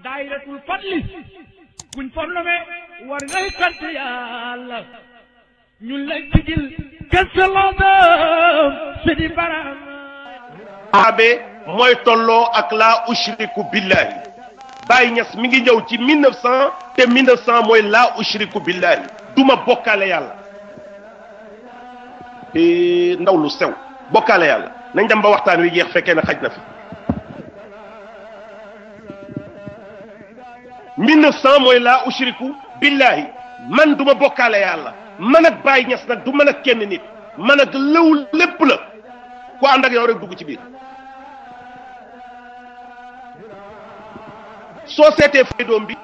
daayiratul fadli buñ war ngay sant yàlla ñun lañ sigil kësaloodam si di baram aabe mooy tolloo ak la ushriku billahi Baye Niass mi ngi ñëw ci mille neuf cent te mille neuf cent mooy laa ushriku billahi duma bokkaale yàlla eh, ndaw lu sew bokkaale yàlla nañ dem ba waxtaan wi jeex fekkee xaj na fi 1900 mooy laa ushriku billahi man du bokkaale yàlla man ak Baye Niass nag du man ak kenn nit man ak lëw lépp la ku ànd ak yow rek dugg ci biir. soo seetee fay doom bi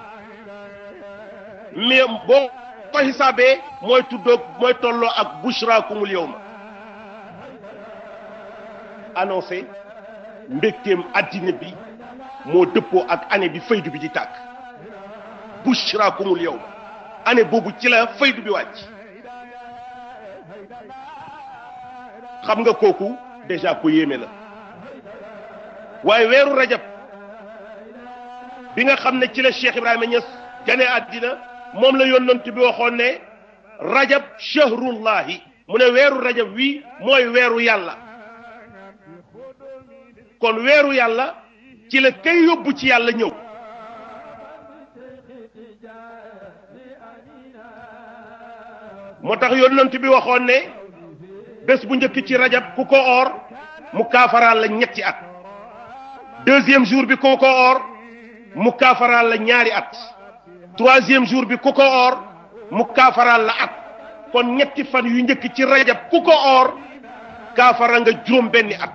mais boo ko xisaabee mooy tuddoog mooy tolloo ak bushraakumul yawma annoncé mbégteem addina bi moo dëppoo ak année bi faydu bi di tàkk. bushrakumul yow année boobu ci la faydu bi wàcc xam nga kooku déjà ku yéeme la waaye weeru rajab bi nga xam ne ci la Cheikh Ibrahima Niass gane àddina moom la yonent bi waxoon ne rajab shahrullahi mu ne weeru rajab wi mooy weeru yàlla kon weeru yàlla ci la kay yóbbu ci yàlla ñëw moo tax yoon yonent bi waxoon ne bés bu njëkk ci rajab ku ko oor mu kaafaraal la ñetti at deuxième jour bi ku ko oor mu kaafaraal la ñaari at troisième jour bi ku ko oor mu kaafaraal la at kon ñetti fan yu njëkk ci rajab ku ko oor kaafara nga juróom benni at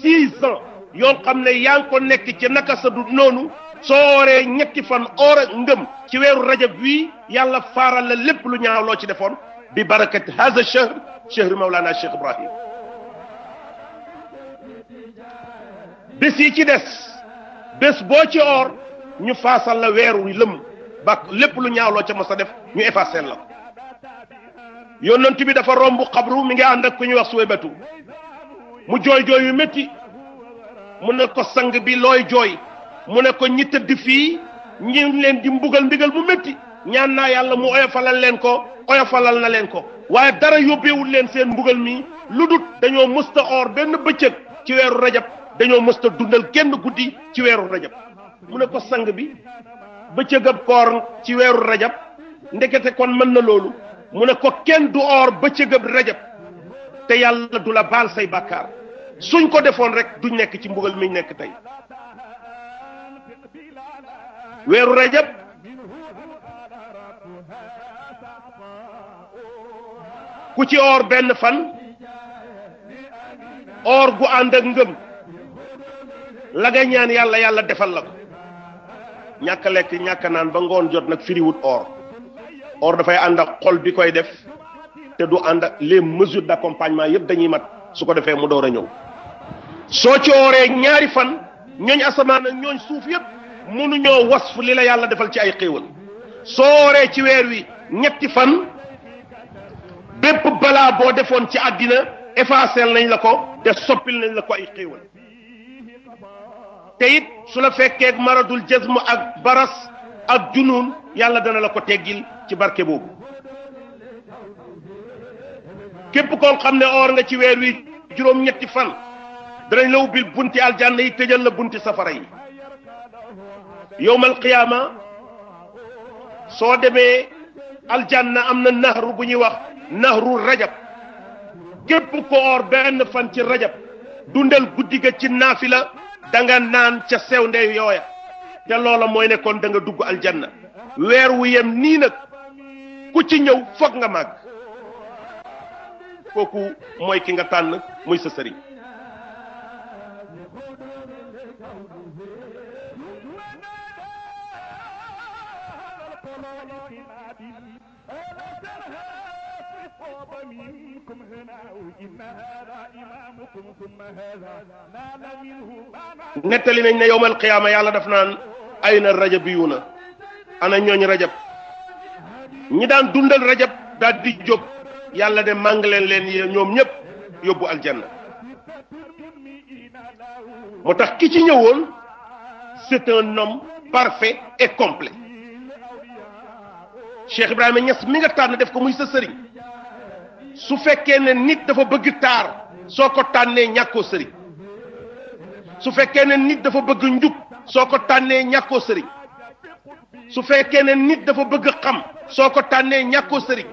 six ans yoo xam ne yaa ngi ko nekk ci naka sa du noonu soo ooree ñetti fan oor a ngëm ci weeru rajab wii yàlla faaral la lépp lu ñaaw loo ci defoon bi barakat hadha shahr shahr Mawlana Cheikh Ibrahim bés yi ci des bés boo ci or ñu faasal la weeru lëm ba lépp lu ñaawloo ca mos def ñu effacé la ko yonent bi dafa romb xabru mi ngi ànd ak ku ñuy wax suwebatu mu jooy jooy yu métti mu ne ko sang bi looy jooy mu ne ko ñi tëdd fii ñi leen di mbugal mbigal bu métti ñaan naa yàlla mu oyofalal leen ko oyofalal na leen ko waaye dara yóbbeewul leen seen mbugal mi lu dut dañoo mësta or benn bëccëg ci weeru rajab dañoo mësta dundal genn guddi ci weeru rajab mu ne ko sang bi bëccëgab koor ci weeru rajab ndekete kon mën na loolu mu ne ko kenn du or bëccëgab rajab te yàlla du la baal say bàkkaar suñ ko defoon rek duñ nekk ci mbugal mi nekk tey weeru rajab ku ci oor benn fan oor gu ànd ak ngëm la ñaan yàlla yàlla defal la ko ñàkk lekk ñàkk naan ba ngoon jot nag firiwut oor or dafay ànd ak xol bi koy def te du ànd ak les mesures d'accompagnement yëpp dañuy mat su ko defee mu door a ñëw soo ci ooree ñaari fan ñooñ asamaan ak ñooñ suuf yëpp mënuñoo wasf li la yàlla defal ci ay xéewal soo ooree ci weer wi ñetti fan bépp balaa boo defoon ci àddina effacel nañ la ko te soppil nañ la ko ay xéewal te it su la fekkee maradul jazm ak baras ak junuun yàlla dana la ko teggil ci barke boobu képp koo xam ne oor nga ci weer wi juróom-ñetti fan danañ la ubbil bunti aljanna yi tëjal la bunti safara yi yowmal qiyaama soo demee aljanna am na nahru bu ñuy wax nahru rajab képp ko or benn fan ci rajab dundal guddi ga ci naafila da nga naan ca sew ndey yooya te loola mooy nekkoon danga da nga dugg aljanna weer wu yem nii nag ku ci ñëw foog nga màgg kooku mooy ki nga tànn muy sa sëriñ nettali nañ ne yowmal qiyaama yàlla daf naan ay na rajabiyuuna ana ñooñ rajab ñi daan dundal rajab daal di jóg yàlla de màng leen leen ñoom ñëpp yóbbu aljanna moo tax ki ci ñëwoon c'est un homme parfait et complet Cheikh Ibrahima Niass mi nga tànn def ko muy sa su fekkee ne nit dafa bëgg taar soo ko tànnee ñàkkoo sëriñ su fekkee ne nit dafa bëgg njub soo ko tànnee ñàkkoo sëriñ su fekkee ne nit dafa bëgg xam soo ko tànnee ñàkkoo sëriñ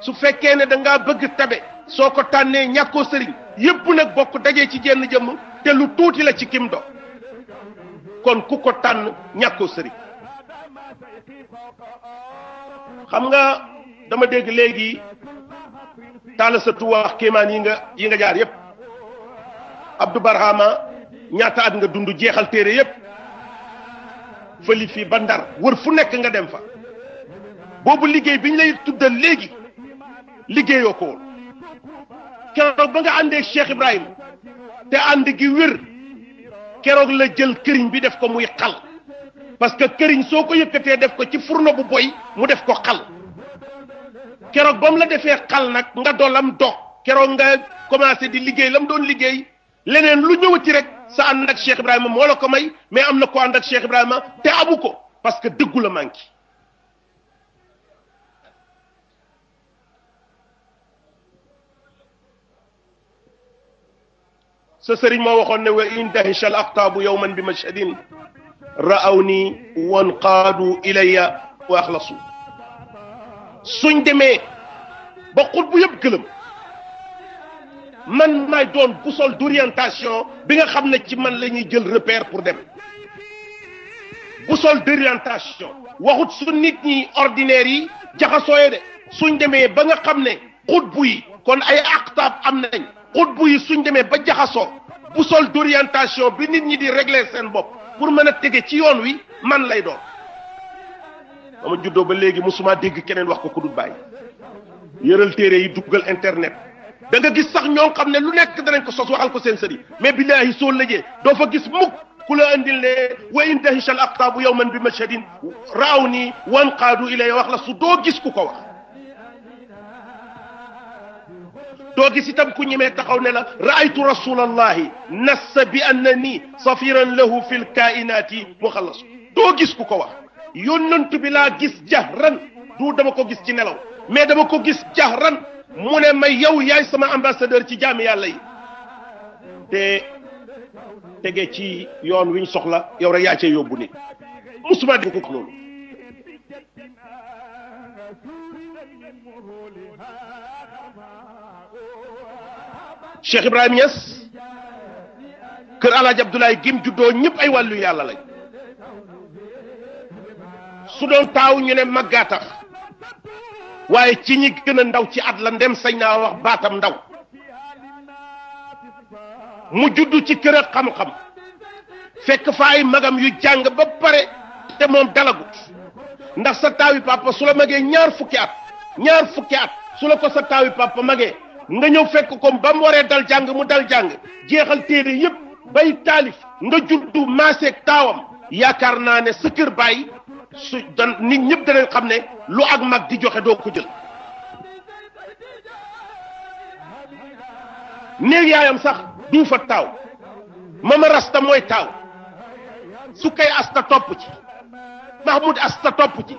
su fekkee ne da bëgg tabe soo ko tànnee ñàkkoo sëriñ yépp nekk bokk dajee ci genn jëmm te lu tuuti la ci kim do kon ku ko tànn ñàkkoo sëriñ xam nga dama dégg léegi taala sa tu wax kéemaan yi nga yi nga jaar yépp Abdou Barhama ñaata at nga dund jeexal téere yépp fëli fii ba ndar wër fu nekk nga dem fa boobu liggéey bi ñu lay tuddal léegi liggéeyoo ko woon keroog ba nga àndee Cheikh Ibrahim te ànd gi wér keroog la jël këriñ bi def ko muy xal parce que këriñ soo ko yëkkatee def ko ci furno bu boy mu def ko xal keroog ba mu la defee xal nag nga dolam dox keroog nga commencé di liggéey la mu doon liggéey leneen lu ñëwati rek sa ànd ak Cheikh Ibrahima moo la ko may mais am na ko ànd ak Cheikh te abu ko parce que dëggu la manqué sa sëriñ moo waxoon ne wa in dahisha al aqtaabu yowman bi mashhadin ra'aw ni wan qaadu wa axlasu suñ demee ba xut bu yëpp gëlëm man maay doon boussole d'orientation bi nga xam ne ci man la ñuy jël repère pour dem boussole d'orientation waxut su nit ñi ordinaire yi jaxasooye de suñ demee ba nga xam ne xut yi kon ay aqtaab am nañ xut yi suñ demee ba jaxasoo boussole d'orientation bi nit ñi di régler seen bopp pour mën a tege ci yoon wi man lay doon dama juddoo ba léegi musuma dégg keneen wax ko ku dul bàyyi yëral tere yi duggal internet da gis sax ñoo xam ne lu nekk danañ ko sos waxal ko seen sëriñ mais billaahi soo lëjee doo fa gis mukk ku la andil ne wa in dahisha al aqtaabu yawman bi mashhadin raaw nii wan qaadu ilay wax la su doo gis ku ko wax doo gis itam ku ñemee taxaw ne la raaytu rasulallahi nassa bi anna nii safiran lahu fi l kainaati muxallasu doo gis ku ko wax yónnantu bi laa gis jahran du dama ko gis ci nelaw mais dama ko gis jahran mu ne may yow yaay sama ambassadeur ci jaami yàlla yi te tege ci yoon wiñ soxla yow rek yaa cee yóbbu nit musuma di ko loolu Cheikh Ibrahima Niass kër El Hadj Abdoulaye juddoo ñëpp ay wàllu yàlla lañ. su doon taaw ñu ne màggaa tax waaye ci ñi gën ndaw ci at la ndem sañ naa wax baatam ndaw mu judd ci kër a xam-xam fekk fa ay magam yu jàng ba pare te moom dalagut ndax sa taawi papa su la magee ñaar fukki at ñaar fukki at su la ko sa taawi papa magee nga ñëw fekk ko ba mu waree dal jàng mu dal jàng jeexal téere yépp bay taalif nga juddu maaseeg taawam yaakaar naa ne sa kër bàyyi su dan nit ñëpp danañ xam ne lu ak mag di joxe doo ko jël yaayam sax du fa ma mama rasta mooy taaw su kay asta topp ci mahmoud asta topp ci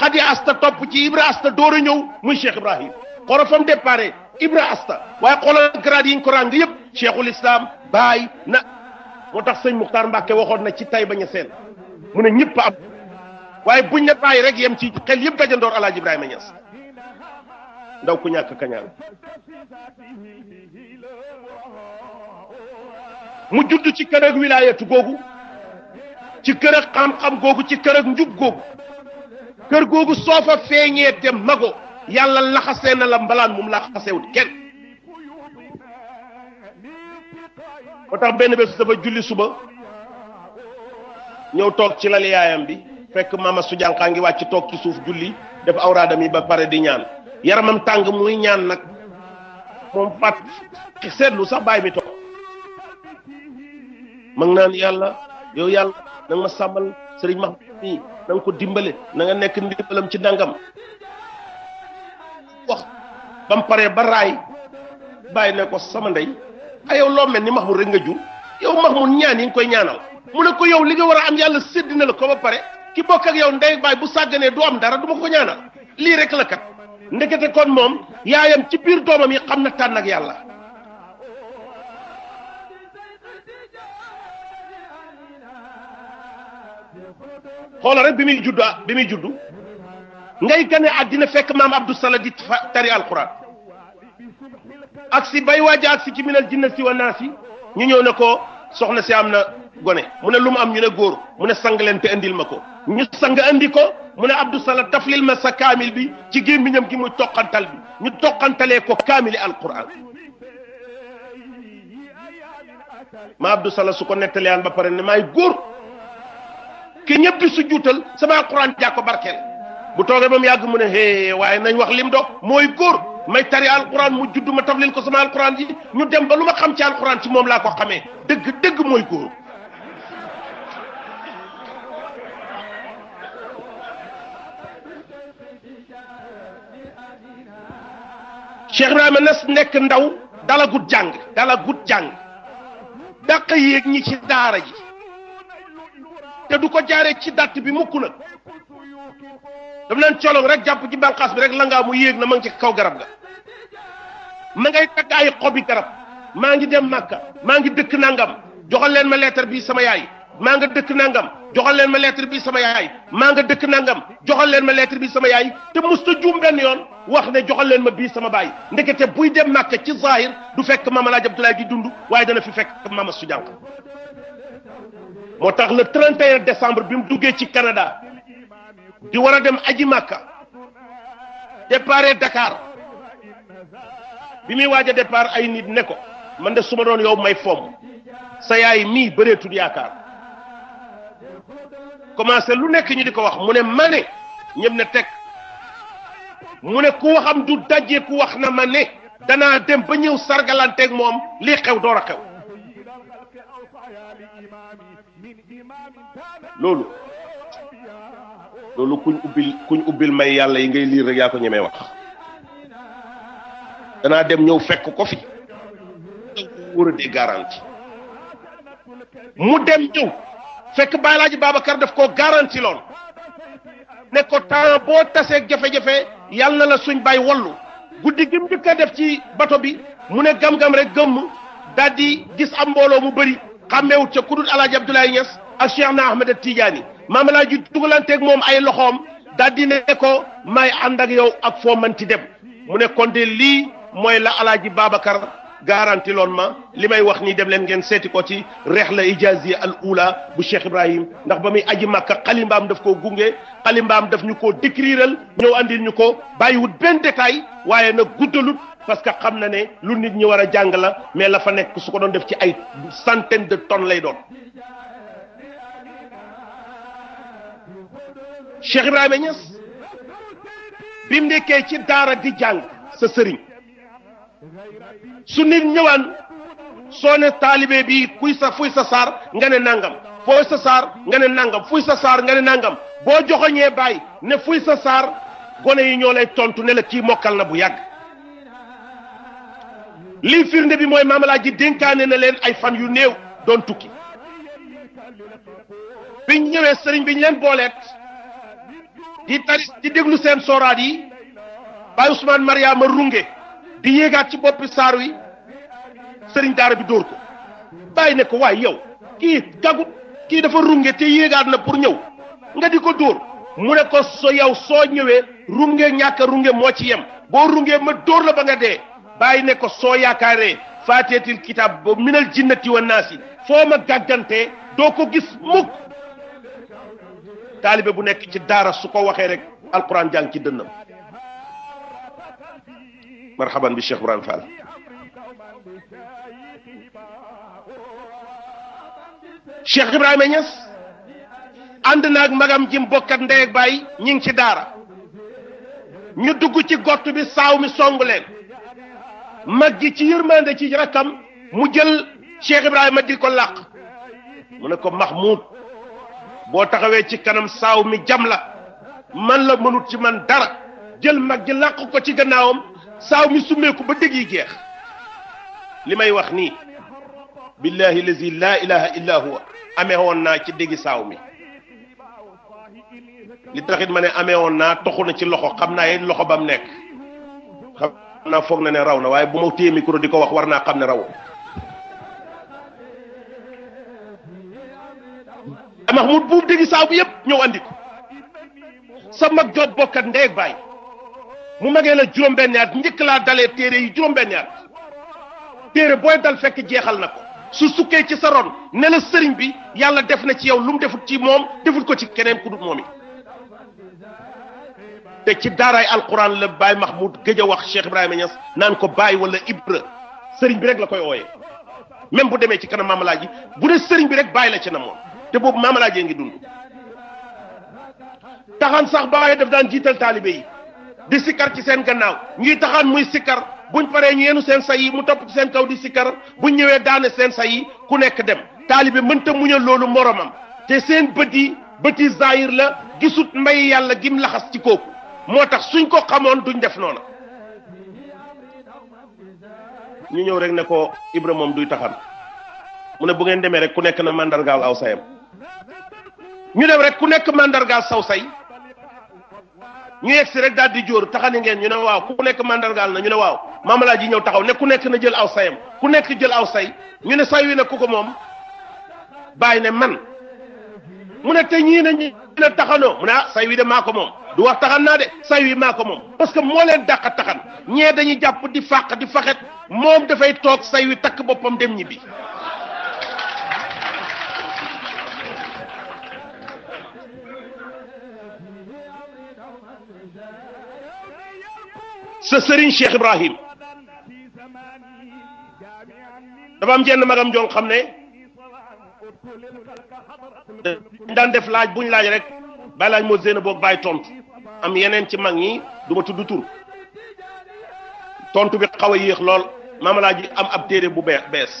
xadi asta topp ci ibra asta door a ñëw muy cheikh ibrahim xoolal fa mu départ ibra asta waaye xoolal grade yi ko ràng yëpp cheikhul islam baay na moo tax sëñ muxtaar mbàkke waxoon na ci tay bañ a seen mu ne ñëpp am waaye bu ne bàyyi rek yem ci xel yëpp dajandoor El Hadj Ibrahima Niass ndaw ku ñàkk kañaan mu judd ci kër ak wilaayatu googu ci kër ak xam-xam googu ci kër ak njub googu kër googu soo fa feeñee te mago yàlla laxasee na la mbalaan moom laxasewut kenn moo tax benn bés dafa julli suba ñëw toog ci lal yaayam bi fekk mama su jànqaa ngi wàcc toog ci suuf julli def awraadam yi ba pare di ñaan yaramam tàng muy ñaan nag moom fat seetlu sax baay bi toog mag naan yàlla yow yàlla na ma sàmmal sëriñ max mii na ko dimbale na nekk ndimbalam ci nangam bam pare ba raay bàyyi ne ko sama ndey a yow loo mel ni Mahmoud rek nga jur yow Mahmoud ñaan yi nga koy ñaanal mu ne ko yow li war a am yàlla sédd na la ko ba pare ki bokk ak yow ndey baay bu sàgganee du am dara du ma ko ñaanal lii rek la kat ndekete kon moom yaayam ci biir doomam yi xam na tànn ak yàlla. xoola rek bi muy judd bi muy juddu ngay gane àddina fekk maam Abdou Salah di tari alquran ak si bay waaja ak si ci minal jinnati wa naasi ñu ñëw ne ko soxna si am na. gone mu ne lu mu am ñu ne góor mu ne sang leen te andil ma ko ñu sang indi ko mu ne Abdou Salah taflil ma sa kaamil bi ci ñam gi muy toqantal bi ñu toqantalee ko kaamili alquran ma Abdou Salah su ko nettaliyaan ba pare ne maay góor ki ñëpp di su juutal sama alquran jaa ko barkeel bu toogee ba mu yàgg mu ne hee waaye nañ wax lim doog mooy góor. may tari alquran mu juddu ma taflil ko sama alquran ji ñu dem ba lu ma xam ci alquran ci moom laa ko xamee dëgg dëgg mooy góor Cheikh Ibrahima Niass nekk ndaw dalagut jàng dalagut jàng dàq yeeg ñi ci daara ji te du ko jaaree ci dàtt bi mukk nag dam leen colong rek jàpp ci bànqaas bi rek la ngaa yéeg na ma ngi ci kaw garab ga ma ngay takk ay xobi garab maa ngi dem màkka maa ngi dëkk nangam joxal leen ma leetar bi sama yaay maa nga dëkk nangam joxal leen ma lettre bi sama yaay maa nga dëkk nangam joxal leen ma lettre bi sama yaay te musta juum benn yoon wax ne joxal leen ma bii sama baay ndekete buy dem màkka ci zahir du fekk maam Alaaji Abdoulaye di dund waaye dana fi fekk maama su jànq moo tax le 31 décembre bi mu duggee ci Canada di war a dem aji màkka départ Dakar bi muy waaj a départ ay nit ne ko man de su ma doon yow may fomm sa yaay mii bëreetul yaakaar commencé lu nekk ñu di ko wax mu ne ma ne ñëpp ne teg mu ne ku waxam du dajee ku wax na ma ne danaa dem ba ñëw sargalanteeg moom lii xew door a xew loolu loolu kuñ ubbil kuñ ubbil may yàlla yi ngay liir rek yaa ko ñemee wax danaa dem ñëw fekk ko fi war mu dem ñëw fekk Baye Laaji Babacar daf koo garanti loon ne ko temps boo tasee jafe-jafe yàlla na la suñ bay wallu guddi gim njëkk a def ci bato bi mu ne gam-gam rek gëmm daal di gis am mbooloo mu bëri xàmmeewut ca ku dul Alaaji Abdoulaye Niass ak Cheikh na Ahmed Tidiane maam Alaaji dugalanteeg moom ay loxoom daal di ne ko may ànd ak yow ak foo mën ci dem mu ne kon lii mooy la Alaaji Babacar garanti loon ma li may wax nii dem leen ngeen seeti ko ci rexla ijaziya al ula bu Cheikh Ibrahim ndax ba muy aji màkka xalimbaam daf koo gunge xalimbaam daf ñu koo décriral ñëw andil ñu ko bàyyiwut benn détail waaye nag guddalut parce que xam na ne lu nit ñi war a jàng la mais la fa nekk su ko doon def ci ay centaine de tonnes lay doon Cheikh Ibrahima Niass bi mu nekkee ci daara di jàng sa sëriñ su nit ñëwaan soo ne taalibe bi kuy sa fuy sa saar nga ne nangam fooy nga ne nangam fuy sa saar nga ne nangam boo joxoñee baay ne fuy sa saar gone yi ñoo lay tontu ne la kii mokkal na bu yàgg lii firnde bi mooy maamalaay ji dénkaane na leen ay fan yu néew doon tukki biñ ñëwee sëriñ biñ leen booleet di tari di déglu seen sooraat yi Baye Ousmane Mariama Runge. di yéegaat ci boppi saar wi sëriñ daara bi dóor ko bàyyi ne ko waay yow kii gagut kii dafa runge te yéegaat na pour ñëw nga di ko dóor mu ne ko so yow soo ñëwee runge ñàkk a runge moo ci yem boo rungee ma dóor la ba nga dee bàyyi ne ko soo yaakaaree faateetil kitaab ba minal jinnati wa naasi foo ma gàggantee doo ko gis mukk taalibe bu nekk ci daara su ko waxee rek alkuraan jàng ci dënnam marhaban bi Cheikh Ibrahima Fall Cheikh Ibrahima Niass ànd naag magam jim bokkat ndey ak baay ñi ngi ci daara ñu dugg ci gott bi saaw mi song leen mag gi ci yërmande ci rakkam mu jël Cheikh Ibrahima di ko làq mu ne ko Mahmoud boo taxawee ci kanam saaw mi jam la man la mënut ci man dara jël mag gi làq ko ci gannaawam saaw mi summeeku ba dëgg yi jeex li may wax ni billahi lazi laa illa huwa amee woon naa ci dégg saaw mi li taxit ma ne amee woon naa toxu na ci loxo xam naa yéen loxo ba mu nekk xam naa foog na ne raw na waaye bu ma téye micro di ko wax war naa xam ne raw Mahmoud buub déggi saaw bi yëpp ñëw andi ko sa mag jot ndeeg bàyyi mu magee la juróom-benn at njëkk laa dalee téere yi juróom-benn téere booy dal fekk jeexal na ko su sukkee ci sa ron ne la sëriñ bi yàlla def na ci yow lu mu defut ci moom defut ko ci keneen ku dul moom it te ci daaraay alquran la Baye Mahmoud gëj a wax Cheikh Ibrahima Niass naan ko Baye wala Ibra sëriñ bi rek la koy ooyee même bu demee ci kanam maamalaaji bu dee sëriñ bi rek Baye la ci na moom te boobu maamalaaji ngi dund taxan sax Baye daf daan jiital taalibe yi. di sikkar ci seen gannaaw ñuy taxaan muy sikkar buñ paree ñu yenu seen say yi mu topp ci seen kaw di sikkar buñ ñëwee daane seen say yi ku nekk dem taalibe mënta muñal loolu moroomam te seen bët yi bëti zahir la gisut mbay yàlla gim laxas ci kooku moo tax suñ ko xamoon duñ def noona ñu ñëw rek ne ko Ibra moom duy taxan mu ne bu ngeen demee rek ku nekk na mandargaal aw sayam ñu dem rek ku nekk mandargaal saw say ñu yegg si rek daal di jóor taxani ngeen ñu ne waaw ku nekk mandargaal na ñu ne waaw maamalaaj yi ñëw taxaw ne ku nekk na jël aw sayam ku nekk jël aw say ñu ne say wi ne ku ko moom bàyyi ne man mu ne te ñii ne ñu ne taxanoo mu ne ah say wi de maa ko moom du wax taxan naa de say wi maa ko moom parce que moo leen dàq taxan ñee dañuy jàpp di fàq di faxet moom dafay toog say wi takk boppam dem ñibbi. sa sëriñ Cheikh Ibrahim dafa am jenn magam jong xam ne daan def laaj buñ laaj rek bàyyi laaj moo zéena boog bàyyi tontu am yeneen ci mag ñi du ma tudd tur tontu bi xaw yéex lool maama laaj am ab téere bu bees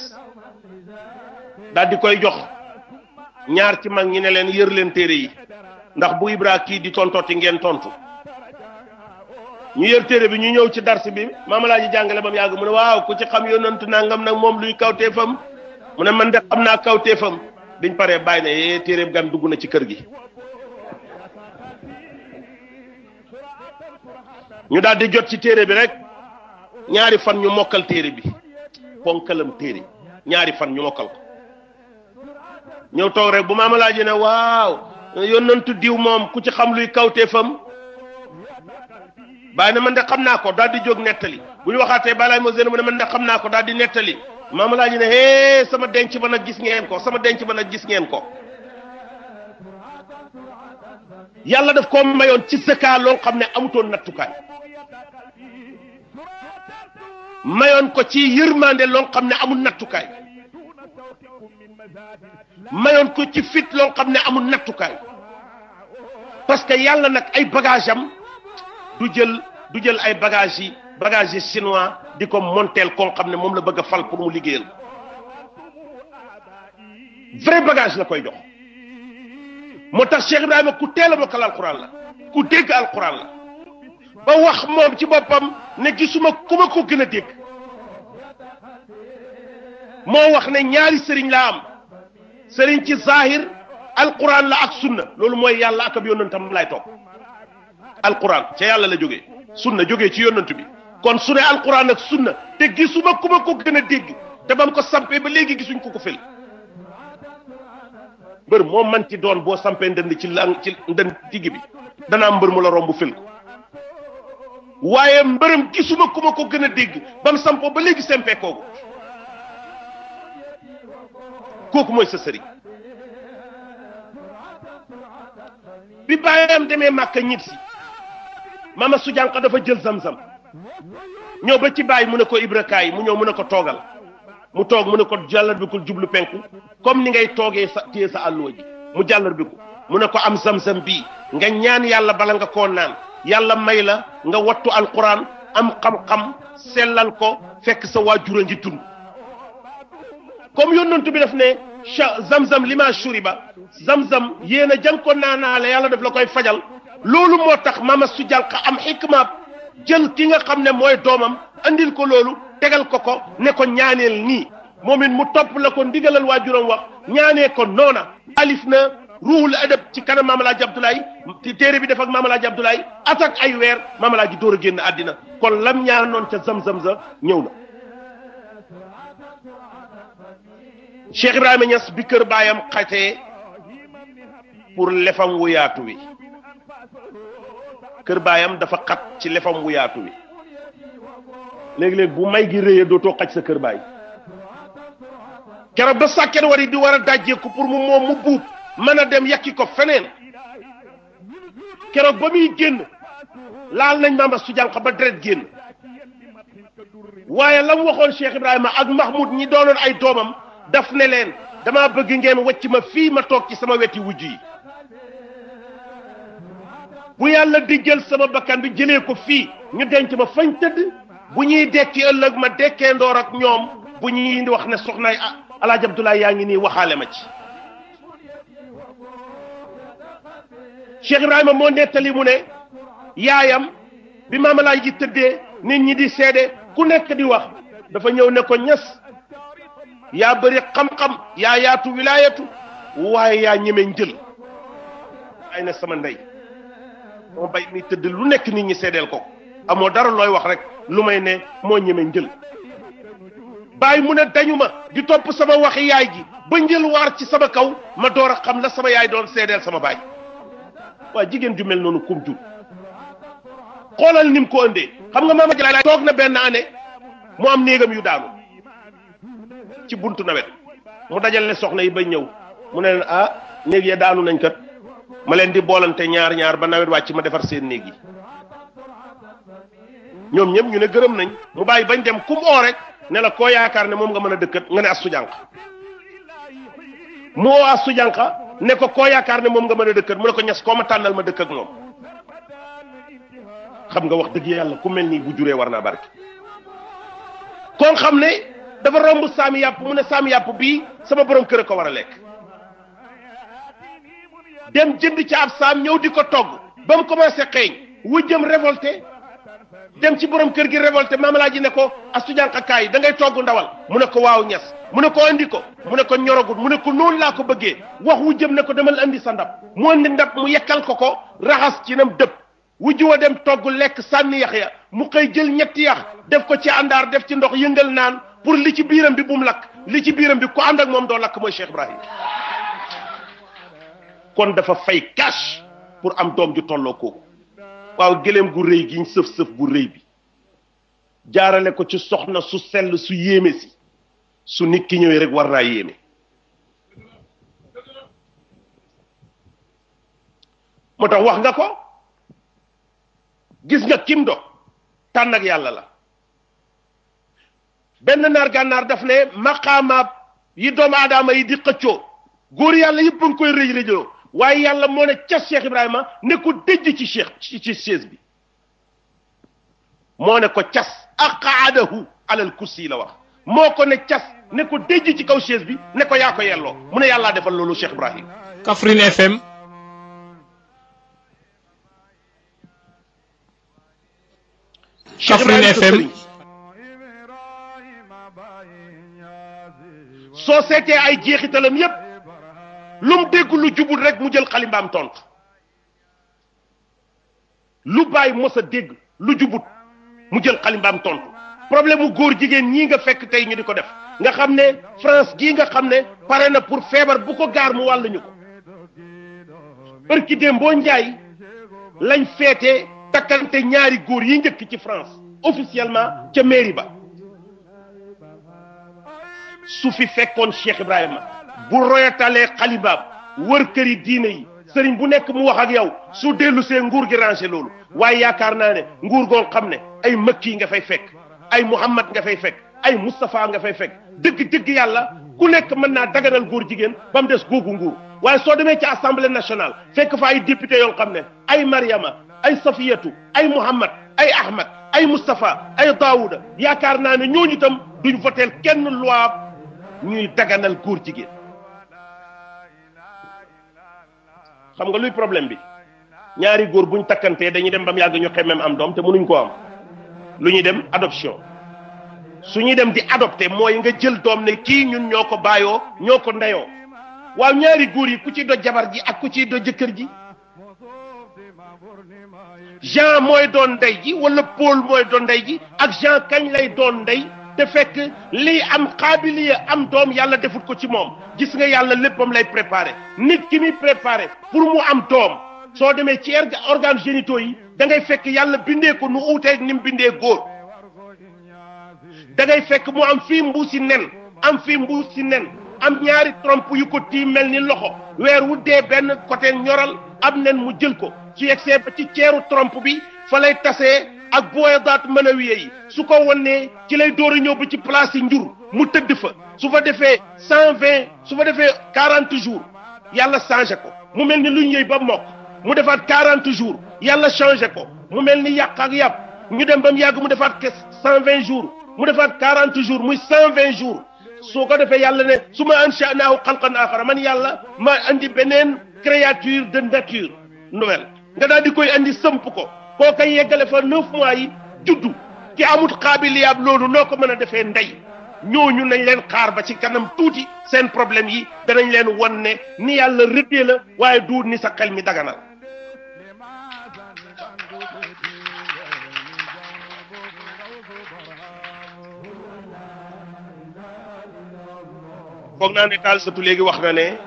daal di koy jox ñaar ci mag ñi ne leen yër leen téere yi ndax bu Ibra kii di tontooti ngeen tontu ñu yor téere bi ñu ñëw ci dars bi maama laa ji jàngale ba mu yàgg mu ne waaw ku ci xam yonantu nàngam nag moom luy kawteefam mu ne man de xam naa kawteefam biñ paree bàyyi na yee téere gan dugg na ci kër gi. ñu daal di jot ci téere bi rek ñaari fan ñu mokkal téere bi ponkalam téere ñaari fan ñu mokkal ko ñëw toog rek bu maama laa ji ne waaw yonantu diw moom ku ci xam luy kawteefam. baa na man de xam naa ko daal di jóg nettali bu ñu waxaatee balaay ma zéna mu ne man de xam naa ko daal di nettali maama laa ji ne hee sama denc ba nag gis ngeen ko sama denc ba nag gis ngeen ko yàlla def koo mayoon ci sëkkaa loo xam ne amutoon nattukaay mayoon ko ci yërmande loo xam ne amul nattukaay mayoon ko ci fit loo xam ne amul nattukaay parce que yàlla nag ay bagage am du jël du jël ay bagage yi bagages yi chinois di ko monteel koo xam ne moom la bëgg a fal pour mu liggéeyal vrai bagage la koy jox moo tax Cheikh Ibrahima ku teel a mokkal alquran la ku dégg alquran la ba wax moom ci boppam ne gisuma ku ma ko gën dégg moo wax ne ñaari sëriñ laa am sëriñ ci zahir alquran la ak sunna loolu mooy yàlla ak ab yonentam lay topp alquran ca yàlla la jógee sunna jógee ci yonant bi kon su ne alquran ak sunna te gisuma ku ma ko gën a dégg te bam ko sampee ba léegi gisuñ ko ko fel mbër moo man ci doon boo sampee ndënd ci lan ci ndënd digg bi danaa mbër mu la romb fel ko waaye mbërëm gisuma ku ma ko gën a dégg bam sampoo ba léegi sempee kooku kooku mooy sa sëriñ bi bàyyam demee màkka ñit si mama su jànq dafa jël samsam zam ñëw ba ci bàyyi mu ne ko ibra kaay mu ñëw mu ne ko toogal mu toog mu ne ko jàllar jublu penku comme ni ngay toogee sa sa àlluwa mu jàllar mu ne ko am samsam zam bii nga ñaan yàlla bala nga koo naan yàlla may la nga wattu alquran am xam-xam sellal ko fekk sa waajur a ngi tund yoon yónnantu bi daf ne zamzam li ma ba zamzam yéen a jàng ko naanaale yàlla daf la koy fajal loolu moo tax mama su jànq am xikma jël ki nga xam ne mooy doomam indil ko loolu tegal ko ko ne ko ñaaneel nii moom it mu topp la ko ndigalal waajuram wax ñaanee ko noona alif na ruuhul adab ci kanam mamalaaji Abdoulaye téere bi def ak mamalaaji Abdoulaye atak ay weer mamalaaji door a génn àddina kon lam ñaanoon ca zam sam sa ñëw na Cheikh Ibrahima Niass bi kër baayam xatee pour lefam wuyaatu wi kër baayam dafa xat ci lefam wu yaatu wi léegi-léegi bu may gi réyee dootoo xaj sa kër baay keroog ba sàkken wari di war a dajjeeku pour mu moom mu buub mën a dem yekki ko feneen keroog ba muy génn laal nañ maam su jànq ba deret génn waaye la mu waxoon Cheikh Ibrahima ak Mahmoud ñi doonoon ay doomam daf ne leen dama bëgg ngeen wacc ma fii ma toog ci sama weti wujj yi bu yàlla di jël sama bakkan bi jëlee ko fii ñu denc ma fañ tëdd bu ñuy dekki ëllëg ma dekkee ndoor ak ñoom bu ñuy wax ne soxnaay ah, alaaj Abdoulaye yaa ngi nii waxaale ma ci Cheikh Ibrahima moo nettali mu ne yaayam bi maam ji tëddee nit ñi di seede ku nekk di wax dafa ñëw ne ko ñes yaa bari xam-xam yaa yaatu wilaayatu waaye yaa ñeme njël ay na sama ndey moo bay mi tëdd lu nekk nit ñi seedeel ko amoo dara looy wax rek lu may ne moo ñeme njël baay mu ne dañu ma di topp sama waxi yaay ji ba njël waar ci sama kaw ma door a xam la sama yaay doon seedeel sama baay waa jigéen ju mel noonu kum xoolal ni mu xam nga maama jalaay toog na benn année mu am néegam yu daanu ci buntu nawet mu dajal ne soxna yi ba ñëw mu ne leen ah néeg ya daanu nañ kat ma leen di boolante ñaar ñaar ba nawet wàcc ma defar seen néeg yi ñoom ñëpp ñu ne gërëm nañ mu bàyyi bañ dem kum oo rek ne la koo yaakaar ne moom nga mën a dëkkat nga ne astu jànq mu oo astu jànq ne ko yaakaar ne moom nga mën a dëkkat mu ko ñas koo ma tànnal ma dëkk ak moom xam nga wax dëgg yàlla ku mel nii bu juree war naa barke kon xam ne dafa romb saami yàpp mu ne saami yàpp bii sama borom kër a ko war a lekk dem jënd ci ab saam ñëw di ko togg ba mu commencé xeeñ wujjam révolté dem ci borom kër gi révolté maam laa ji ne ko astu jànq kaay da ngay togg ndawal mu ne ko waaw ñes mu ne ko indi ko mu ne ko ñoragul mu ne ko noonu laa ko bëggee wax wujjam ne ko demal indi sa ndab mu andi ndab mu yekkal ko ko raxas ci nam dëpp wujju wa dem togg lekk sànni yax ya mu xëy jël ñetti yax def ko ci àndaar def ci ndox yëngal naan pour li ci biiram bi bu lakk li ci biiram bi ku ànd moom doo lakk mooy Cheikh Ibrahim kon dafa fay cash pour am doom ju tolloo kooku waaw gëléem gu rëy gi ñu sëf-sëf bu rëy bi jaarale ko ci soxna su sell su yéeme si su nit ki ñëwee rek war naa yéeme moo tax wax nga ko gis nga kim do tànn ak yàlla la benn naar gànnaar daf ne maqaamaab yi doomu aadama yi di xëccoo góor yàlla yëpp a koy rëj rëjoo waaye yàlla moo ne cas Cheikh Ibrahima ne ko dëjj ci cheikh ci chaise bi moo ne ko cas aqaadahu alal kursi la wax moo ko ne cas ne ko dëjj ci kaw chaise bi ne ko yaa ko mu ne yàllaa defal loolu Cheikh Ibrahima. Kaffrine seetee ay jeexitalam yépp lu mu dégg lu jubul rek mu jël xalimbaam tontu lu bàyyi mos a dégg lu jubut mu jël xalimbaam tontu problème mu góor jigéen ñii nga fekk tey ñu di ko def nga xam ne France gii nga xam ne pare na pour feebar bu ko gaar mu wàll ñu ko bërki déem boo njaay lañ feete takkante ñaari góor yi njëkk ci France officiellement ca mairie ba su fi fekkoon Cheikh Ibrahima bu royatalee xalibaab wër këri diine yi sëriñ bu nekk mu wax ak yow su dellu see nguur gi rangé loolu waaye yaakaar naa ne nguur goon xam ne ay Makki nga fay fekk ay Muhammad nga fay fekk ay Moustapha nga fay fekk dëgg-dëgg yàlla ku nekk mën naa daganal góor jigéen ba mu des googu nguur waaye soo demee ci assemblée nationale fekk fa ay député yoo xam ne ay Mariama ay Safiyatu ay Muhammad ay Ahmad ay Moustapha ay Daouda yaakaar naa ne ñooñu itam duñ votel kenn loi ñuy daganal góor jigéen xam nga luy problème bi ñaari góor buñ takkantee dañuy dem ba mu yàgg ñu xemmem am doom te mënuñ koo am lu ñuy dem adoption su ñuy dem di adopté mooy nga jël doom ne kii ñun ñoo ko baayoo ñoo ko ndeyoo waaw ñaari góor yi ku ci do jabar ji ak ku ci do jëkkër ji Jean mooy doon ndey ji wala Paul mooy doon ndey ji ak Jean kañ lay doon ndey te fekk lii am xaabiliya am doom yàlla defut ko ci moom gis nga yàlla léppam lay préparé nit ki muy préparé pour mu am doom soo demee ci organes génitaux yi da ngay fekk yàlla bindee ko nu uuteeg ni mu bindee góor dangay fekk mu am fii mbuusi nen am fii mbuusi nen am ñaari trompe yu ko tiim mel ni loxo weer wu dee benn côté ñoral am nen mu jël ko su yegsee ba ci ceeru trompe bi fa lay tasee ak booyadaat mën a wiye su ko wonnee ci lay door a ñëw ba ci place yi njur mu tëdd fa su fa defee cent vingt su fa defee quarante jour yàlla changé ko mu mel ni luñ yëy ba mokk mu defaat quarante jours yàlla changé ko mu mel ni yàq ak yàpp ñu dem ba mu yàgg mu defaat ke cent vingt jours mu defaat quarante jour muy cent vingt jours soo ko defee yàlla ne su ma ansha'naahu xalqan axara man yàlla ma andi beneen créature de nature nouvelle nga daal di koy andi sëmp ko koo koy yeggale fa neuf mois yi juddu ki amut xaabiliyaab loolu noo ko mën a defee ndey ñooñu nañ leen xaar ba ci kanam tuuti seen problème yi danañ leen won ne ni yàlla rëddee la waaye du ni sa xel mi daganal foog naa ne taal léegi wax na ne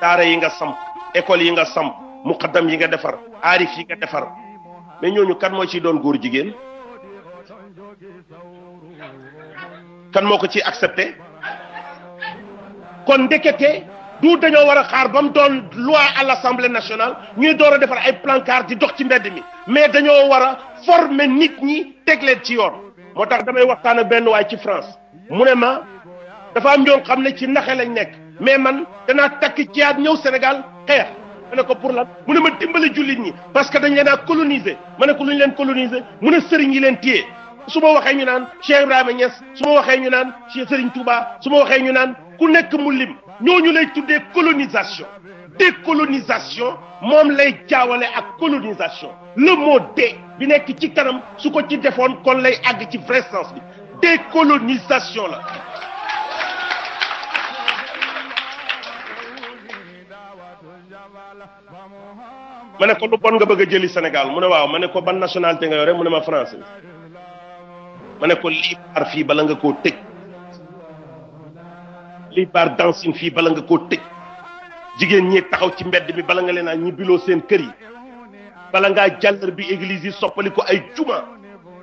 daara yi nga samp école yi nga samp muqaddam yi nga defar aarif yi nga defar mais ñooñu kan moo ciy doon góor jigéen kan moo ko ci accepté kon ndekete du dañoo war a xaar ba mu doon loi à l'Assemblée nationale ñuy door a defar ay plancard di dox ci mbedd mi mais dañoo war a former nit ñi teg leen ci yoon moo tax damay waxtaan ak benn waay ci France mu ne ma dafa am ñoo xam ne ci naxe lañ nekk mais man danaa takk ci yaat ñëw Sénégal xeex ma ne ko pour lan mu ne ma dimbali jullit ñi parce que dañ leen a coloniser ma a ko lu ñu leen coloniser mu ne sëriñ yi leen téye su ma waxee ñu naan Cheikh Ibrahima Niass su ma waxee ñu naan Cheikh Serigne Touba su ma waxee ñu naan ku nekk mu lim ñu lay tuddee colonisation décolonisation moom lay jaawale ak colonisation le mot dé bi nekk ci kanam su ko ci defoon kon lay àgg ci vrai sens bi décolonisation la. ma ne ko lu bon nga bëgg a jëli Sénégal mu waaw ma ne ko ban nationalité nga yore mu ne ma français ma ne ko fii bala nga koo tëj lii baar dancing fii bala nga koo tëj jigéen ñi taxaw ci mbedd mi bala nga leen a ñibbiloo seen kër yi bala ngaa jàllar bi église yi soppali ko ay juma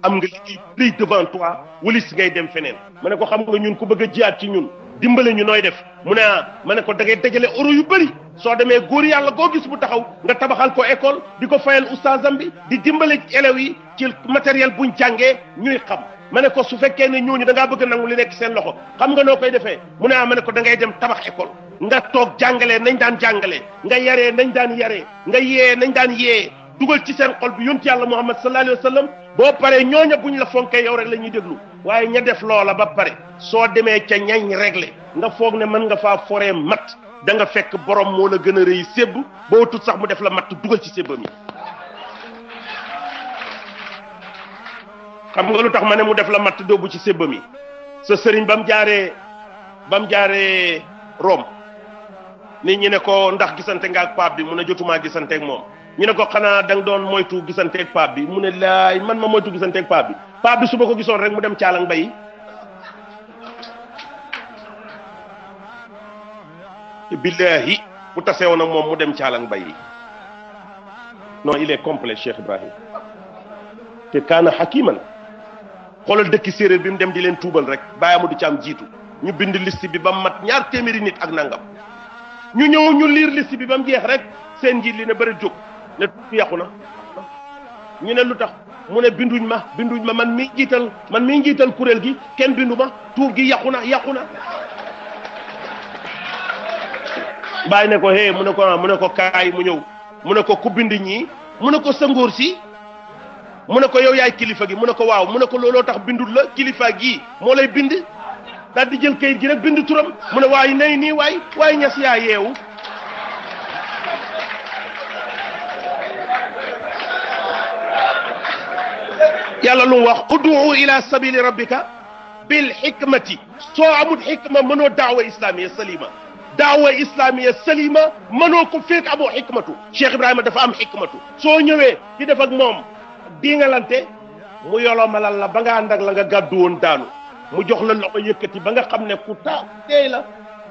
am nga liggéey prix devant toi walis ngay dem feneen ma ne ko xam nga ñun ku bëgg a jiyaat ci ñun dimbale ñu nooy def mu ne ah, ma ne ko da ngay dajale euro yu bëri soo demee góor yàlla goo gis bu taxaw nga tabaxal ko école di ko fayal oustazam bi di dimbale élèves yi ci matériel buñ jàngee ñuy xam ma ne ko su fekkee ne ñooñu ñu ngaa bëgg nangu li nekk seen loxo xam nga noo koy defee mu ne ah, ma ne ko da ngay dem tabax école nga toog jàngalee nañ daan jàngalee nga yaree nañ daan yare nga yee nañ daan yee dugal ci seen xol bi yonent yàlla muhammad sallallahu alayhi wa sallam boo paree ñooña buñ la fonkee yow rek la ñuy déglu waaye ña def loola ba pare soo demee ca ñañ réglé nga foog ne mën nga faa foree matt da nga fekk borom moo la gën a rëy sébb boo tut sax mu def la matt dugal ci sébbam yi xam nga lu tax ma ne mu def la matt dóobu ci sébbam yi sa sëriñ ba mu jaaree ba mu jaaree Rome nit ñi ne ko ndax gisante nga ak pape bi mu a jotumaa gisante moom ñu ne ko xanaa da doon moytu gisanteeg paap bi mu ne laay man ma moytu gisanteeg paap bi paap bi suba ko gisoon rek mu dem caalang bay billahi bu tasewoon ak moom mu dem caalang bay non il est complet Cheikh Ibrahim te kaana xakiman xoolal dëkki séeréer bi mu dem di leen tuubal rek bàyyi amu du caam jiitu ñu bind listi bi ba mu mat ñaar téeméeri nit ak nangam ñu ñëw ñu liir liste bi ba mu jeex rek seen njiit li ne bëri jóg ne tuuti yàqu na ñu ne lu tax mu ne binduñ ma binduñ ma man mi jiital man mi jiital kuréel gi kenn bindu ma tuur gi yàqu na yàqu na bàyyi ne ko hé mu ne ko mu ne ko kaay mu ñëw mu ne ko ku bind ñii mu ne ko sëngóor si mu ne ko yow yaay kilifa gi mu ne ko waaw mu ne ko looloo tax bindul la kilifa gi moo lay bind daal jël kayit gi rek bind turam mu ne waaye nay nii waay waaye ñas yaa yeewu yàlla lu mu wax uduu ila sabili rabbika bil xikmati soo amul xikma mënoo daawa islamiya salima daawa islamiya salima mënoo ko féeg amoo xikmatu Cheikh Ibrahima dafa am xikmatu soo ñëwee di def ak moom diingalante mu yolomalal la ba nga la nga gàddu woon daanu mu jox la loxo yëkkati ba nga xam ne ku ta teey la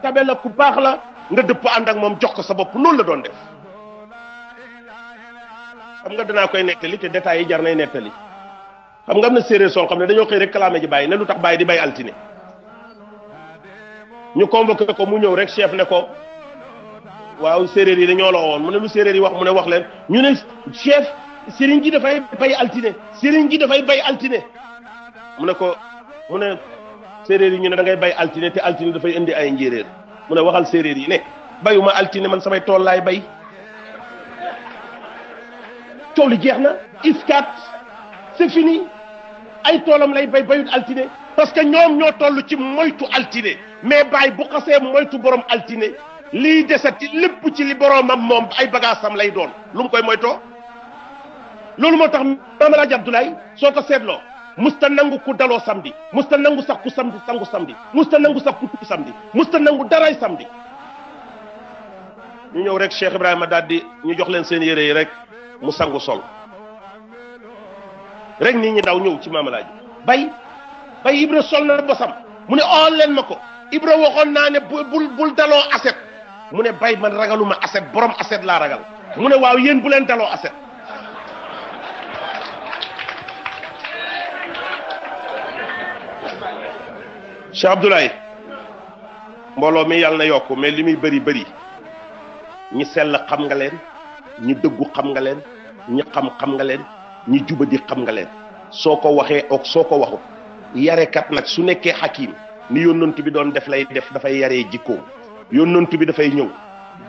tabe la ku baax la nga dëpp ànd ak moom jox ko sa bopp noonu la doon def xam nga danaa koy nettali te détails yi jar nay nettali xam nga am na séeréer soo xam ne dañoo xëy rek clamé ji bàyyi ne lu tax bàyyi di bay altine ñu convoqué ko mu ñëw rek chef ne ko waaw séeréer yi dañoo la woon mu ne séeréer yi wax mu ne wax leen ñu ne chef sëriñ ji dafay bay altine sëriñ ji dafay bay altine mu ne ko mu yi ñu ne da ngay bay altine te altine dafay indi ay njéeréer mu ne waxal séeréer yi ne bayuma altine man samay tool laay bay coow li jeex na iskat c'est ay toolam lay bay bayut altine parce que ñoom ñoo tollu ci moytu altine mais baay bu xasee moytu borom altine lii desati lépp ci li boromam moom ay bagaasam lay doon lu mu koy moytoo loolu moo tax maam El Hadj Abdoulaye soo ko seetloo musta nangu ku daloo samedi musta nangu sax ku samedi sangu samedi musta nangu sax ku tukki samedi musta nangu daray samedi ñu ñëw rek Cheikh Ibrahima daal di ñu jox leen seen yére yi rek mu sangu sol rek nit ñi daw ñëw ci maamalaaji bay bay Ibra sol na bosam mu ne oo leen ma ko Ibra waxoon naa ne bul daloo aset mu ne bay man ragaluma aset boroom aset laa ragal mu ne waaw yéen bu leen daloo aset Cheikh Abdoulaye mbooloo mi yàlla na yokk mais li muy bëri bëri ñi sell xam nga leen ñi dëggu xam nga leen ñi xam xam nga leen ñi jubadi xam nga leen soo ko waxee ook soo ko waxut kat nag su nekkee xakiim ni yónnant bi doon def lay def dafay yaree jikkoom yónnant bi dafay ñëw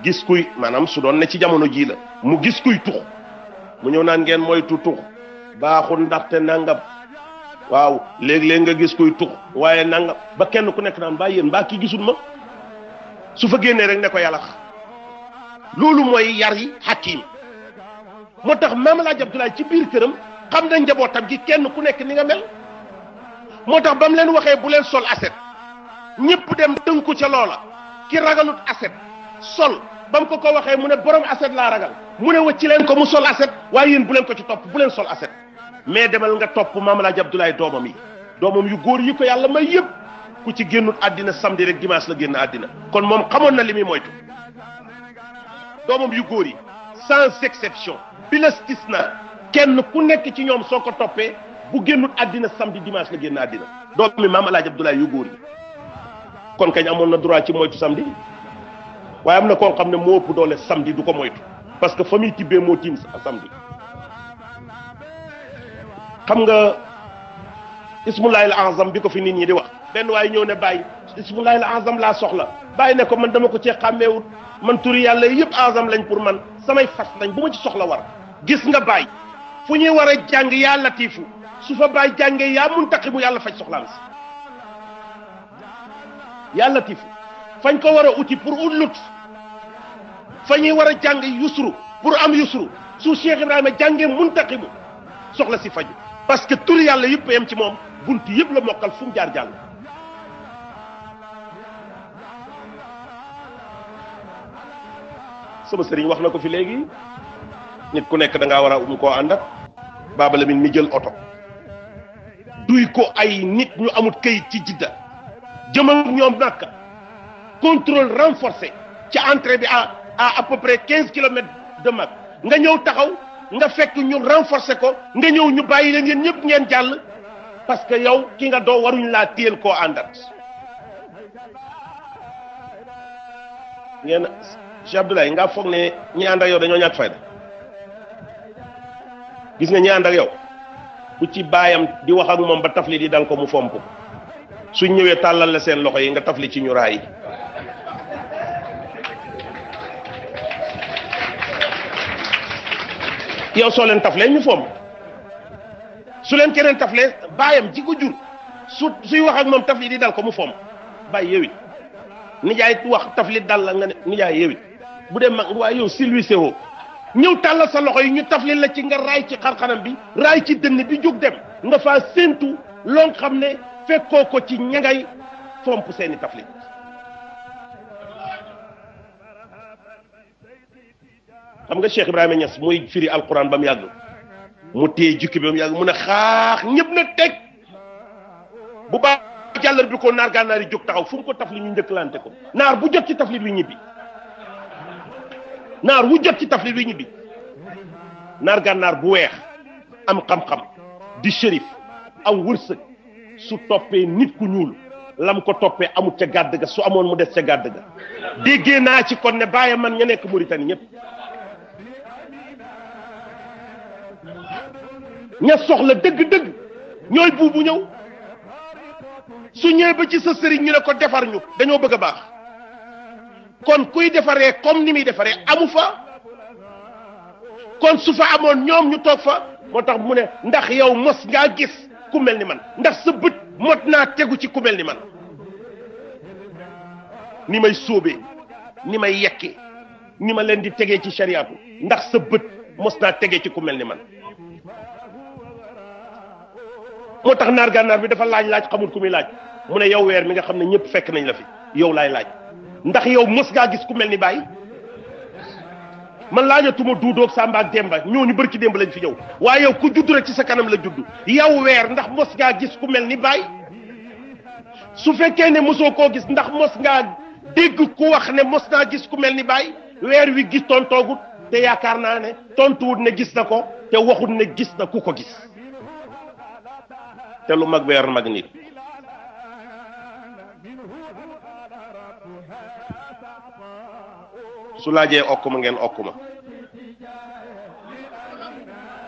gis kuy maanaam su doon ne ci jamono jii la mu gis kuy tux mu ñëw naan ngeen moytu tux baaxul ndaxte nangam waaw léeg-léeg nga gis kuy tux waaye nangam ba kenn ku nekk naan baa yéen mbaa kii gisul ma su fa génnee rek ne ko yàlla loolu mooy yar yi xakiim moo tax maam El Hadj Abdoulaye ci biir këram xam na njabootam gi kenn ku nekk ni nga mel moo tax ba mu leen waxee bu leen sol aset ñëpp dem tënku ca loola ki ragalut aset sol ba mu ko ko waxee mu ne borom aset laa ragal mu ne ci leen ko mu sol aset waaye yéen bu leen ko ci topp bu leen sol aset mais demal nga topp maam El Hadj Abdoulaye doomam yi doomam yu góor yi ko yàlla may yëpp ku ci génnut àddina samedi rek dimanche la génn àddina kon moom xamoon na li muy moytu doomam yu góor yi sans exception gis na kenn ku nekk ci ñoom soo ko toppee bu génnul àddina samedi dimanche la génn àddina doomi maam El Hadj Abdoulaye yu góor yi kon kañ amoon na droit ci moytu samedi waaye am na koo xam ne moo ëpp doole samedi du ko moytu parce que famille tibbee moo tiim samedi xam nga ismullaahil azam bi ko fi nit ñi di wax benn waaye ñëw ne bàyyi ismullahil azam laa soxla bàyyi ne ko man dama ko cee xàmmeewut man turi yàlla yëpp azam lañ pour man samay fas lañ bu ma ci soxla war gis nga baay fu ñuy war jàng yaa latifu su fa bàyyi jàngee yaa muntaqibu yàlla faj soxlaam si yaa ko war a pour ut ñuy war a jàng yusru pour am yusru su Cheikh Ibrahima jàngee muntaqibu soxla si faju parce que turi yàlla yëpp yem ci moom bunt yëpp la mokkal fu mu jaar jàng sama sëriñ wax na ko fi léegi nit ku nekk da ngaa war a um koo àndak ak Baba Lamine mi jël oto duy ko ay nit ñu amut kayit ci jidda jëmal ñoom Makka contrôle renforcé ci entrée bi à à à peu près quinze kilomètres de Makka nga ñëw taxaw nga fekk ñu renforcé ko nga ñëw ñu bàyyi leen yéen ñëpp ngeen jàll parce que yow ki nga doo waruñ laa téyel koo àndat Cheikh Abdoulaye nga foog ne ñi ànd ak yow dañoo ñàkk fayda gis nga ñi ànd ak yow ku ci baayam di wax ak moom ba tafli di dal ko mu fomp suñ ñëwee tàllal seen loxo yi nga tafli ci ñu raay yi yow ñu foom su leen keneen taflee baayam ji ko su wax ak moom tafli di dal ko mu foom bàyyi yow nijaay wax tafli dal la bu dee mag waaye yow silvissé woo ñëw tàllal sa loxo yi ñu tafli la ci nga raay ci xarxanam bi raay ci dënn di jóg dem nga faa séentu loo xam ne fekkoo ko ci ñangay fomp seeni tafli xam nga Cheikh Ibrahima Niass mooy firi alquran ba mu yàgg mu téye jukki bam yàgg mu ne xaax ñëpp na teg bu baax jàllar bi ko naar gànnaar yi jóg taxaw fu ko tafli ñu njëkkalante ko naar bu jot ci tafli bi ñibbi naar wu jot ci tafli luy ñibbi naar gànnaar bu weex am xam-xam di shérif am wërsëg su toppee nit ku ñuul lam ko toppee amut ca gàdd ga su amoon mu des ca gàdd ga déggee naa ci kon ne bàyyi man ña nekk Mauritanie ñëpp ña soxla dëgg-dëgg ñooy buubu ñëw su ñëwee ba ci sa sëriñ ñu ne ko defar ñu dañoo bëgg a baax kon kuy defaree comme ni muy defaree amu fa kon su fa amoon ñoom ñu toog fa moo tax mu ne ndax yow mos ngaa gis ku mel ni man ndax sa bët mot naa tegu ci ku mel ni man ni may sóobee ni may yekkee ni ma leen di tegee ci sharia ndax sa bët mos naa tegee ci ku mel ni man moo tax naar gànnaar bi dafa laaj laaj xamul ku muy laaj mu ne yow weer mi nga xam ne ñëpp fekk nañ la fi yow laay laaj ndax yow mës ngaa gis ku mel ni Baye man laajatuma duudoog Samba ak Demba ñooñu bër ci démb lañ fi ñëw waaye yow ku judd rek ci sa kanam la judd yow weer ndax mës ngaa gis ku mel ni Baye su fekkee ne mosoo koo gis ndax mos ngaa dégg ku wax ne mos naa gis ku mel ni Baye weer wi gis tontoogut te yaakaar naa ne tontuwut ne gis na ko te waxut ne gis na ku ko gis te lu mag weer mag nit su laajee okk ma ngeen okk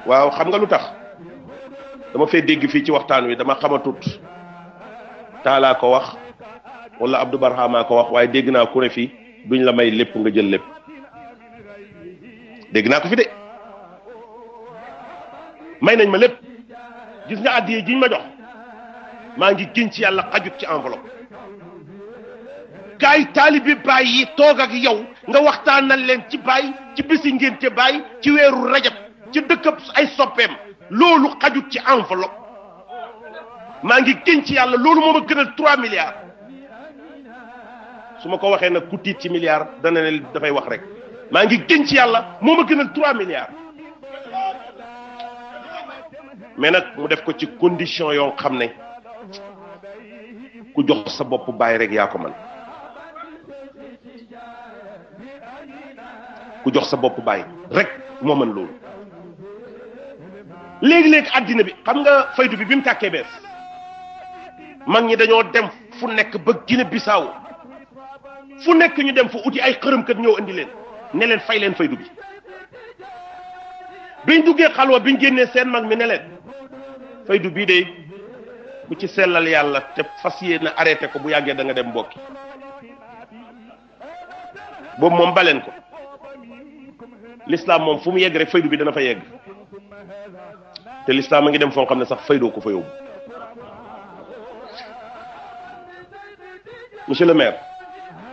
waaw xam nga lu tax dama fee dégg fii ci waxtaan wi dama xamatut taalaa ko wax wala Abdou Barhama ko wax waaye dégg naa ku ne fii duñ la may lépp nga jël lépp dégg naa ko fi de may nañ ma lépp gis nga àddiye jiñ ma jox maa ngi giñ ci yàlla xajut ci enveloppe gaa yi taalibi baay yi toog ak yow nga waxtaanal leen ci baay ci bisi ngénte baay ci weeru rajab ci dëkk ay soppeem loolu xajut ci enveloppe maa ngi gën ci yàlla loolu moom a gënal trois milliards su ma ko waxee nag ku ci milliards dana dafay wax rek maa ngi gën ci yàlla moo ma gënal trois milliards mais nag mu def ko ci condition yoo xam ne ku jox sa bopp bàyyi rek yaa ko man ku jox sa bopp bàyyi rek moo mën loolu léegi-léeg àddina bi xam nga faydu bi bi mu tàkkee bees mag ñi dañoo dem fu nekk ba Gine Bisaaw fu nekk ñu dem fu uti ay xërëmkat ñëw indi leen ne leen fay leen faydu bi biñ duggee xalwa biñ génnee seen mag mi ne leen faydu bii de bu ci sellal yàlla te fas yéene arrêté ko bu yàggee da nga dem mbokki boobu moom baleen ko l'islam moom fu mu yegg rek faydu bi dana fa yegg te l'islam a ngi dem foo xam ne sax faydoo ko fa yóbbu monsieur le maire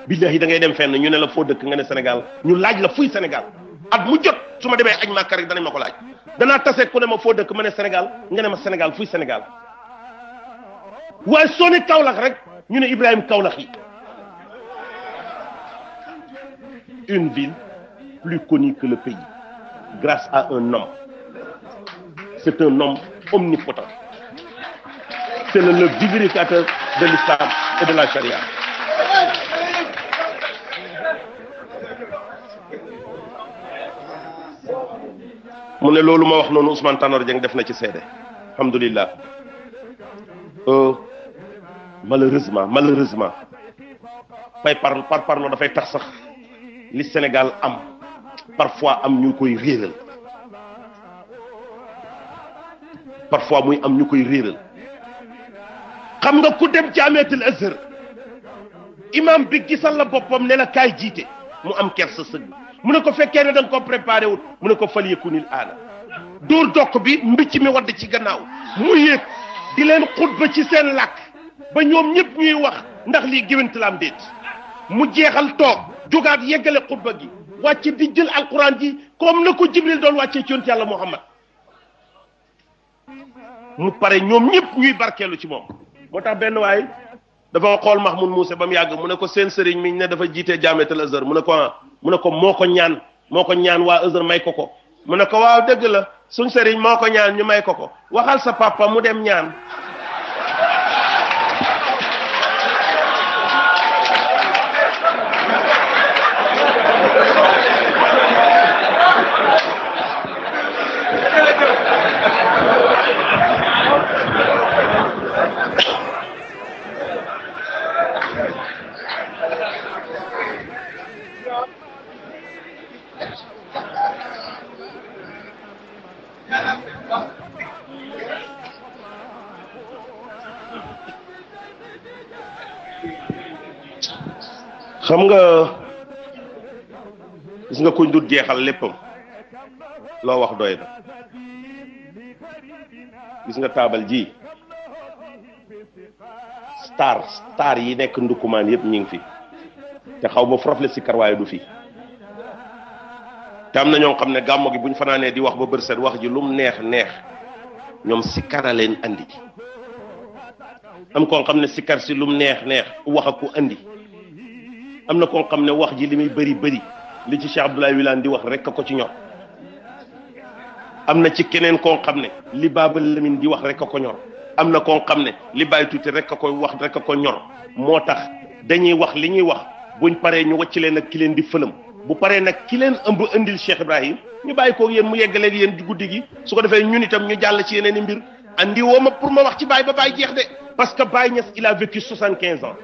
billahi da ngay dem fenn ñu ne la foo dëkk nga ne Sénégal ñu laaj la fuy Sénégal at mu jot su ma demee añ Màkka rek danañ ma ko laaj danaa tase ku ne ma foo dëkk ma ne Sénégal nga ne ma Sénégal fuy Sénégal waaye soo ne Kaolack rek ñu ne Ibrahima Kaolack yi plus connu que le pays grâce à un homme. C'est un homme omnipotent. C'est le, le vivificateur de l'islam et de la charia. mu ne loolu ma wax noonu Ousmane Tanor Dieng def na ci seede alhamdulilah euh, malheureusement malheureusement pay par par parlo dafay tax sax li Sénégal am parfois am ñu koy réeral parfois muy am ñu koy réeral xam nga ku dem jaamiatul azhar imam bi gisal la boppam ne la kaay jiite mu am kersa sëgg mu ne ko fekkee ne da nga ko préparé wul mu ne ko fal yekunil aana dóor dokk bi mbicc mi wadd ci gannaaw mu yéeg di leen xutba ci seen làkk ba ñoom ñëpp ñuy wax ndax lii géwént la am déet mu jeexal toog jógaat yeggale xutba gi wàcc di jël alquran ji comme na ko jibril doon wàccee ci yonent yàlla muhammad mu pare ñoom ñëpp ñuy barkeelu ci moom moo tax benn waay dafa xool Mahmoud Moussa ba mu yàgg mu ne ko seen sëriñ mi ne dafa jiite jaametal Azhar mu ne ko ah mu ne ko moo ko ñaan moo ko ñaan waa Azhar may ko ko mu ne ko waaw dëgg la suñ sëriñ moo ko ñaan ñu may ko ko waxal sa papa mu dem ñaan kuñ dul jeexal léppam loo wax doy na gis nga taabal ji star star yi nekk ndukkumaan yëpp ñu ngi fi te xaw ma frofle si karwaaye du fi te am na ñoo xam ne gàmmo gi buñ fanaanee di wax ba bër set wax ji lum neex neex ñoom sikkara leen am koo xam ne sikkar si lum neex neex wax a ko am na koo xam ne wax ji li muy bëri bëri li ci Cheikh Abdoulaye Wilane di wax rek a ko ci ñor am na ci keneen koo xam ne li Baaba Lamine di wax rek a ko ñor am na koo xam ne li Baye Tuuti rek a koy wax rek a ko ñor moo tax dañuy wax li ñuy wax buñ paree ñu wàcc leen ak ki leen di fëlëm bu paree nag ki leen ëmb indil Cheikh Ibrahim ñu bàyyi koog yen mu yeggaleeg yen guddi gi su ko defee ñun itam ñu jàll ci yeneen mbir andi woo ma pour ma wax ci Baye ba Baye jeex de parce que Baye Niass il a vécu soixante quinze ans.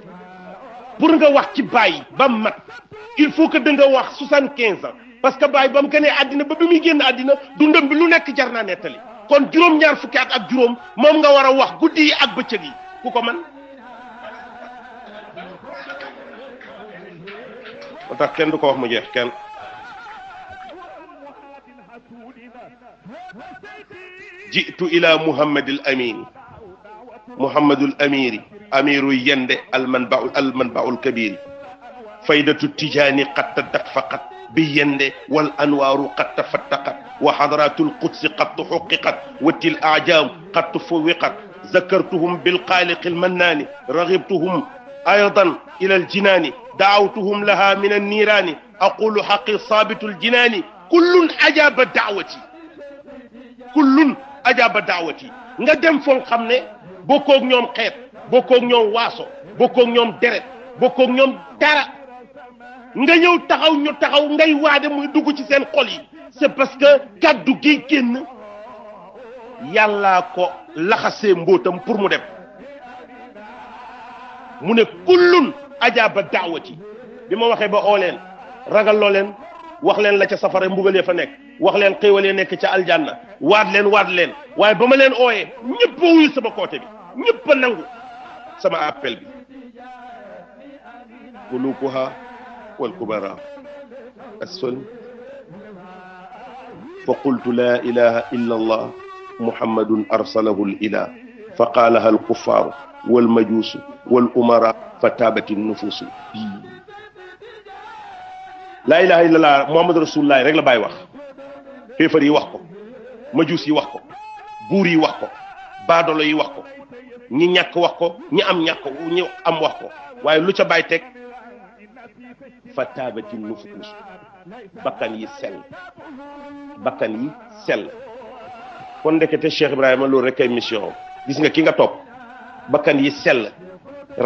pour nga wax ci Baye ba mu mat il faut que da nga wax soixante-quinze ans parce que baay ba mu gënee àddina ba bi muy génn àddina dundam bi lu nekk jar naa nettali kon juróom-ñaar fukki at ak juróom moom nga war a wax guddi yi ak bëccëg yi ku ko man moo kenn du ko wax mu jeex kenn ila muhammadil amin amiru yende almanbaul almanbaul kabir faydatu tijaani qad tadafaqat bi yende wal anwaaru qad tafattaqat wa hadratul qudsi qad tuhuqiqat wa til ajam qad tufuwiqat zakartuhum bilxaaliqi lmannaani raghibtuhum aydan ila aljinaani daawtuhum laha min anniiraani aqulu xaqi saabitu ljinaani kullun ajaaba daawati kullun ajaaba daawati nga dem foog xam ne bokkoog ñoom xeet bokkoog ñoom waaso bokkoog ñoom deret bokkoog ñoom dara nga ñëw taxaw ñu taxaw ngay waade muy dugg ci seen xol yi c'est parce que kàddu gi génn yàllaa ko laxasee mbóotam pour mu dem mu ne kullun ajaaba daawati bi ma waxee ba oo leen ragal loo leen wax leen la ca safara mbugalee fa nekk wax leen xéewalee nekk ca aljanna waat leen waat leen waaye ba ma leen ooyee ñëpp a wuyu sama côté bi ñëpp nangu sama appel bi kulukuha wal kubara asfal fa qultu laa ilaha illa allah muhammadun arsalahu l ilah fa qaalaha al kuffaaru wal majuusu wal umara fa taabati nufuusu laa ilaha illa allah muhammadu rasulullahi rek la bàyyi wax xéefar yi wax ko majuus yi wax ko buur yi wax ko baadolo yi wax ko ñi ñàkk wax ko ñi am ñàkk ñi am wax ko waaye lu ca bàyyi teg fa taabati nufuus bakkan yi sel bakkan yi sell kon ndekete Cheikh Ibrahima loolu rekk ay mission gis nga ki nga topp bakkan yi sell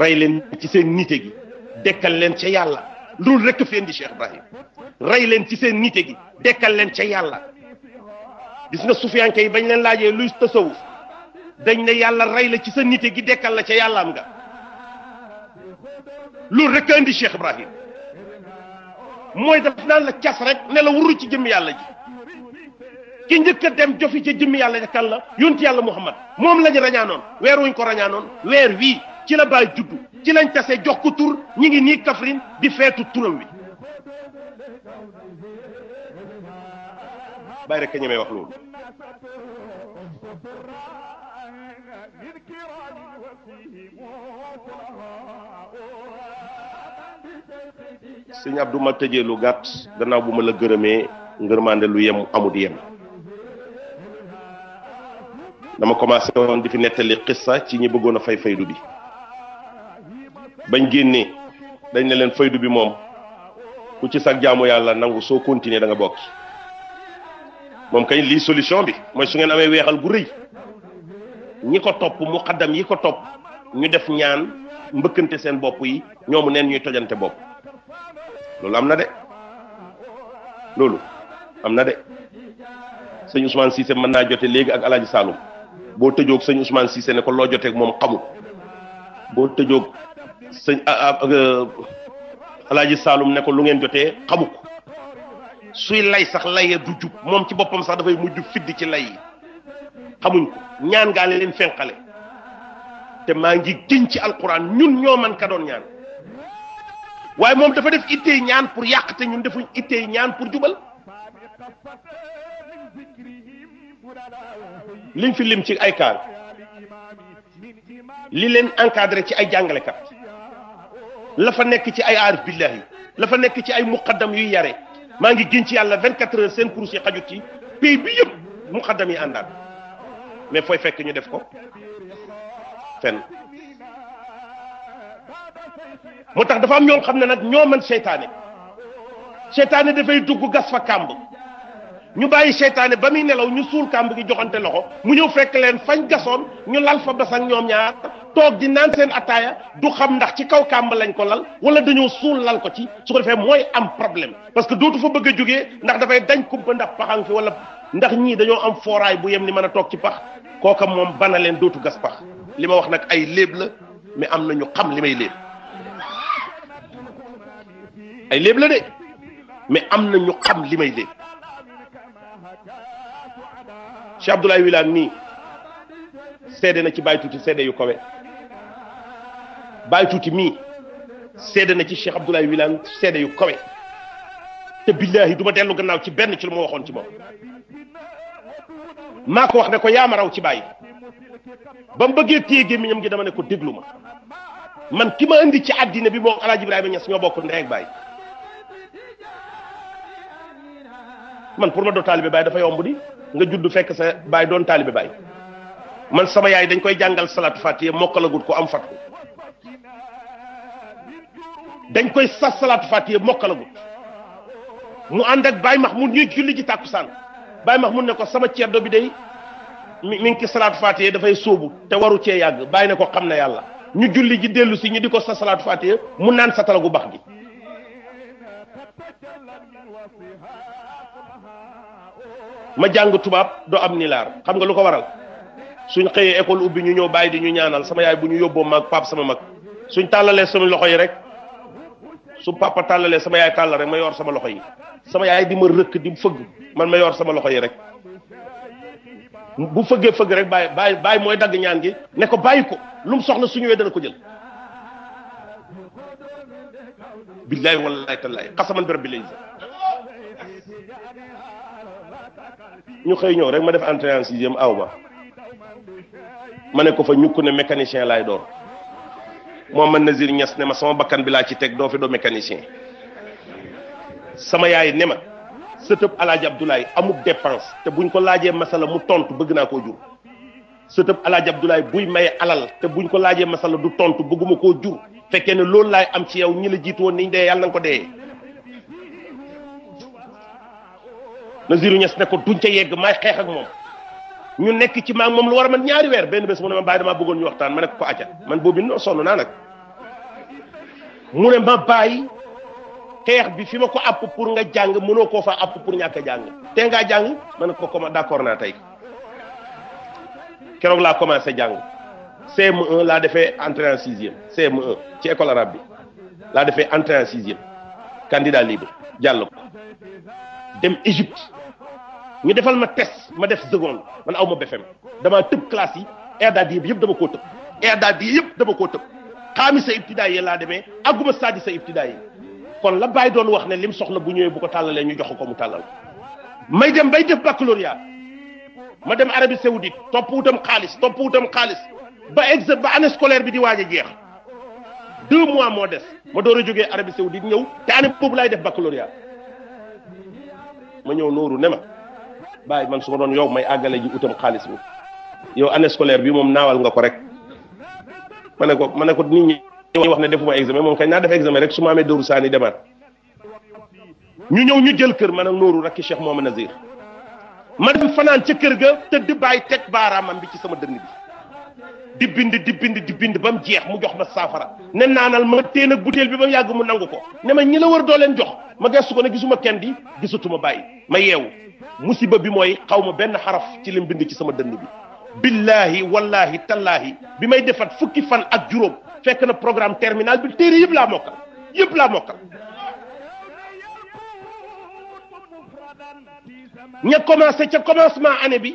rey leen ci seen nite gi dekkal leen ca yàlla loolu rek fi indi Cheikh Ibrahima rey leen ci seen nite gi dekkal leen ca yàlla gis nga sufiyanke yi bañ leen laajee luy tasawuf dañ ne yàlla rey la ci sa nite gi dekkal la ca yàllaam nga loolu rek a indi Cheikh Ibrahim mooy daf naan la cas rek ne la wuru ci jëmm yàlla ji ki njëkk dem jofi ca jëmm yàlla ja kan la yonent yàlla Muhammad moom lañu rañaanoon weer wuñ ko rañaanoon weer wii ci la baay juddu ci lañ tase jox ko tur ñi ngi nii Kaffrine di feetu turam wi bàyyi rek a ñemee wax loolu من كرام وفيه sëñ ma tëjee lu gàtt gannaaw bu ma la gërëmee ngërmande lu yem amut yem dama commencé woon di fi nettali xissa ci ñi bëggoon a fay faydu bi bañ génnee dañ ne leen faydu bi moom ku ci sag jaamu yàlla nangu soo continuer danga nga bokk moom kay lii solution bi mooy su ngeen amee weexal gu rëy ñi ko topp mu xaddam yi ko topp ñu def ñaan mbëkkante seen bopp yi ñoomu neen ñuy tojante bopp loolu am na de loolu am na de sëñ Ousmane Cissé mën naa jote léegi ak Alaaji Saalum boo tëjoog sëñ Ousmane Cissé ne ko loo jotee moom xamul boo tëjook sëñ euh, Alaaji Saalum nekko lu ngeen jotee xamu suy lay sax laye du jub moom ci boppam sax dafay mujj fidd ci lay xamuñ ñaan ngaa leen fenqale te maa ngi gën ci alquran ñun ñoo man ka doon ñaan waaye moom dafa def ittey ñaan pour yàq te ñun defuñ ittey ñaan pour jubal liñ fi lim ci ay kaar li leen encadré ci ay jàngalekat la fa nekk ci ay aarif billahi la fa nekk ci ay muqaddam yuy yare maa ngi gën ci yàlla 24 heures seen kurus yi xajut ci pays bi yëpp muqaddam yi àndaat. mais fooy fekk ñu def ko fenn moo tax dafa am ñoo xam ne nag ñoo mën seytaane seytaane dafay dugg gas fa kàmb ñu bàyyi seytaane ba muy nelaw ñu suul kàmb gi joxante loxo mu ñëw fekk leen fañ gasoon ñu lal fa basang ñoom ñaar toog di naan seen attaaya du xam ndax ci kaw kàmb lañ ko lal wala dañoo suul lal ko ci su ko defee mooy am problème parce que dootu fa bëgg a jóge ndax dafay dañ kumpa ndax paxang fi wala ndax ñii dañoo am fooraay bu yem ni mën a toog ci pax kooka moom bana leen dootu gas pax li ma wax nag ay léeb la mais am na ñu xam li may léeb ay léeb la de mais am na ñu xam li may léeb Cheikh Abdoulaye Wilane nii seede na ci Baye Tuuti seede yu kawe Baye Tuuti mii seede na ci Cheikh Abdoulaye Wilane seede yu kawe te billaahi du ma dellu gannaaw ci benn ci lu ma waxoon ci moom maa ko wax ne ko yaa ma raw ci bàyyi ba mu bëggee téye gémmiñam gi dama ne ko déglu ma man ki ma indi ci àddina bi moom Alaaji Ibrahima Ñas ñoo bokk ndey ak bàyyi man pour ma doo taalibe bàyyi dafa yomb di nga judd fekk sa bàyyi doon taalibe bàyyi man sama yaay dañ koy jàngal salaatu fatiha mokkalagut ko am fat ko dañ koy sas salaatu fatiha mokkalagut mu ànd ak bàyyi max mu ñuy julli ji tàkkusaan Baye Mahmoud ne ko sama ceddo bi day mi mi ngi ci salaatu faatiha dafay sóobu te waru cee yàgg bàyyi ne ko xam na yàlla ñu julli ji dellu si ñu di ko sa salaatu faatiha mu naan sa talagu bax gi ma jàng tubaab doo am nilaar xam nga lu ko waral suñ xëyee école ubbi ñu ñëw bàyyi di ñu ñaanal sama yaay bu ñu yóbboo mag pap sama mag suñ tàllalee suñu loxo yi rek su papa tàllalee sama yaay tàllal rek ma yor sama loxo yi sama yaay di ma rëkk di fëgg man ma yor sama loxo yi rek bu fëggee fëgg rek bàyyi bàyyi mooy dagg ñaan gi ne ko bàyyi ko lu mu soxla su ñëwee dana ko jël. billahi wallahi tallahi xasaman bi rabbil izza ñu xëy ñëw rek ma def entrée en sixième aw ma ma ne ko fa ñukk ne mécanicien laay door moom man Nazir ñes ne ma sama bakkan bi laa ci teg doo fi doo mécanicien. sama yaay ne ma sëtëb alaaji Abdoulaye amul dépense te buñ ko laajee masala mu tontu bëgg naa koo jur sëtëb alaaji Abdoulaye buy maye alal te buñ ko laajee masala du tontu bëgguma koo jur fekkee ne loolu laay am ci yow ñi la jiitu woon niñ dee yàlla na ko dee. Nazirou Niass ne ko duñ ca yegg maay xeex ak moom ñu nekk ci maag moom lu war a man ñaari weer benn bés mu ne ma bàyyi damaa bëggoon ñu waxtaan ma ne ko ko acca man boobu noo sonn naa mu ne ma bàyyi xeex bi fi ma ko àpp pour nga jàng mënoo koo fa àpp pour ñàkk a jàng te ngaa jàng man ko commencé d'accord naa tey keroog laa commencé jàng cm ma laa defee entrée en sixième CM1 ci bi laa defee entrée en sixième candidat libre jàll ko dem Égypte ñu defal ma test ma def seconde man aw ma BFEM damaa tëb classe yi erdaad yi yëpp dama koo tëb erdaad yi yëpp dama koo tëb xaami sa ibtidaa yi laa demee àgguma saadi sa ibtidaa yi kon la bàyyi doon wax ne lim soxla bu ñëwee bu ko tàllalee ñu jox ko mu tàllal may dem bay def baccalauréat ma dem Arabie Saoudite topp wutam xaalis topp wutam xaalis ba exam ba année scolaire bi di waaj a jeex deux mois moo des ma door a jógee Arabie Saoudite ñëw te année boobu laay def baccalauréat ma ñëw nooru ne ma bàyyi man su ma doon yow may àggale ji utam xaalis bi yow année scolaire bi moom naawal nga ko rek ma ne ko ma ne ko nit ñi. wax ne defuma examen moom kay naa def examen rek su ma amee dóoru saani demaat ñu ñëw ñu jël kër man ak nooru rakki Cheikh Mooma Nazir ma dem fanaan ca kër ga tëdd bàyyi teg baaraamam bi ci sama dënn bi di bind di bind di ba mu jeex mu jox ma saafara ne naanal ma téen ak butéel bi ba mu yàgg mu nangu ko ne ma ñi la wër doo leen jox ma gëstu ko ne gisuma kenn di gisatuma bàyyi ma yeewu musiba bi mooy xaw ma benn xaraf ci lim bind ci sama dënn bi billaahi wallaahi bi may defat fukki fan ak juróom fekk na programme terminal bi téere yëpp laa mokkal yépp laa mokkal ña commencé ca commencement année bi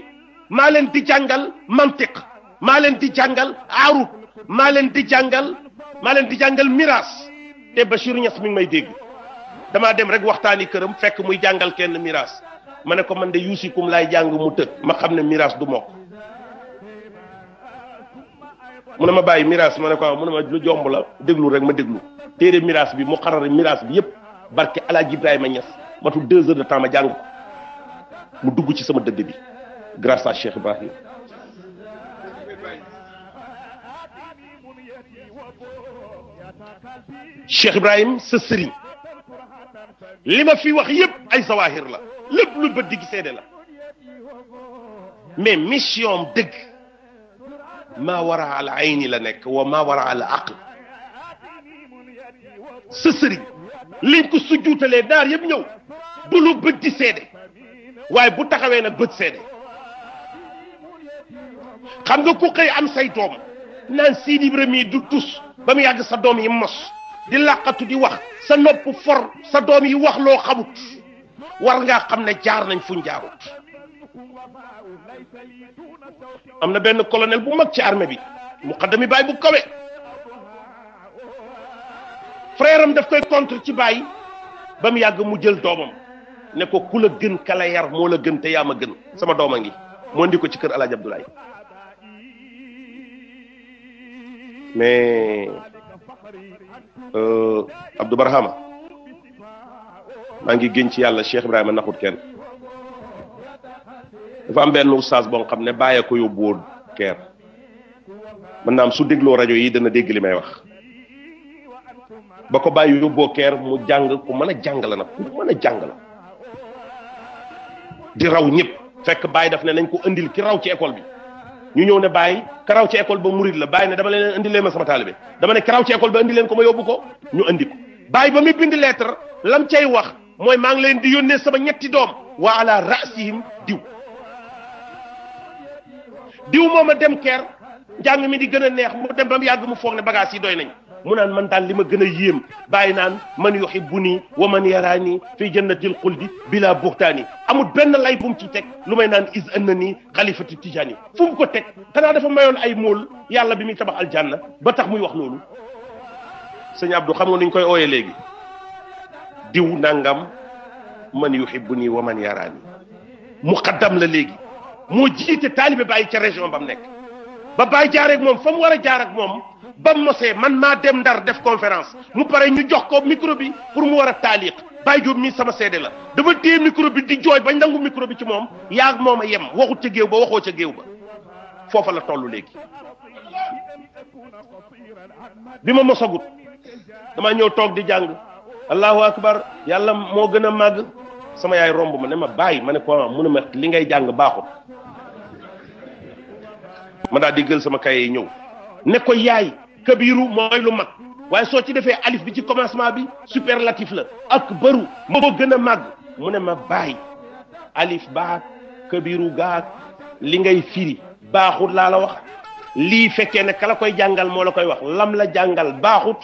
maa leen di jàngal mantiq maa leen di jàngal aarut maa leen di jàngal maa leen di jàngal miraas te Bachir Niass mi ngi may dégg damaa dem rek waxtaani këram fekk muy jàngal kenn miraas ma ne ko man de yuusikum laay jàng mu tëj ma xam ne miraas du mokk mu a ma bàyyi miraas ma ne ko mu ne ma lu jomb la déglu rek ma déglu téere miraas bi mu xarar miraas bi yëpp barke Alaaji Ibrahima ma matul deux heures de temps ma jàng mu dugg ci sama dëgg bi grâce à Cheikh Ibrahim sa sëriñ li ma fi wax yëpp ay zawahir la lépp lu bët di gisee la mais mission am dëgg maa wara al ayni la nekk wa ma wara al aql sa sëriñ liñ ko sujjuutalee daar yëpp ñëw du lu bët di seede waaye bu taxawee nag bët seede xam nga ku xëy am say doom naan Sidi Ibrahima yi du tus ba mu yàgg sa doom yi mos di làqatu di wax sa nopp for sa doom yi wax loo xamut war ngaa xam ne jaar nañ fuñ jaarut am na benn colonel bu mag ci armée bi mi baay bu kawe frère am koy contre ci baay ba mu yàgg mu jël doomam ne ko ku la gën kala yar moo la gën te yaa ma gën sama doom a ngi moo indi ko ci kër Alaaji Abdoulaye mais euh, Abdou Barhama maa ngi gën ci yàlla Cheikh Ibrahima naxut kenn. dafa am benn oustaz boo xam ne bàyyi ko yóbbu woon am su dégloo rajo yi dana dégg li may wax ba ko bàyyi yóbboo keer mu jàng ku mën a jàng la nag ku mën a jàng la di raw ñëpp fekk baay daf ne nañ ko indil ki raw ci école bi ñu ñëw ne bàyyi karaw ci école ba murid la bàyyi ne dama leen indi leen ma sama taalibe dama ne karaw ci école ba indi leen ko ma yóbbu ko ñu indi ko bàyyi ba muy bind lettre lam cay wax mooy maa ngi leen di yónnee sama ñetti doom wa ala rasihim diw diw moom a dem keer njàng mi di gën a neex mu dem ba mu yàgg mu foog ne bagage yi doy nañ mu naan man daan li ma gën a yéem bàyyi naan man yuhibbuni wa man yarani fi jannatil xuldi bila buxtaani amul benn lay bu mu ci teg lu may naan is ën na nii xalifatu tijaani fu mu ko teg xanaa dafa mayoon ay mool yàlla bi muy tabax aljanna ba tax muy wax loolu sëñ Abdou xam nga nuñ koy ooye léegi diw nangam man yuhibbuni wa man yarani muqaddam la léegi moo jiite taalibe bàyyi ca région ba mu nekk ba bàyyi jaar ak moom fa mu war a jaar ak moom ba mu mosee man maa dem ndar def conférence mu pare ñu jox ko micro bi pour mu war a taaliq bàyyi jóob mii sama seede la dafa téye micro bi di jooy bañ nangu micro bi ci moom yaag moom a yem waxut ca géew ba waxoo ca géew ba foofa la toll léegi bi ma mosagut damaa ñëw toog di jàng allahu akbar yàlla moo gën a màgg sama yaay romb ma ne ma bàyyi ma ne ko ah, mu li ngay jàng baaxut ma daal di jël sama kaye ñëw nekko ko yaay kabiru mooy lu mag waaye soo ci defee alif bi ci commencement bi superlatif la ak bëru moo gën a màgg mu ne ma bàyyi alif baa kabiru gaag li ngay firi baaxut laa la wax lii fekkee ne kala koy jàngal moo la koy wax lam la jàngal baaxut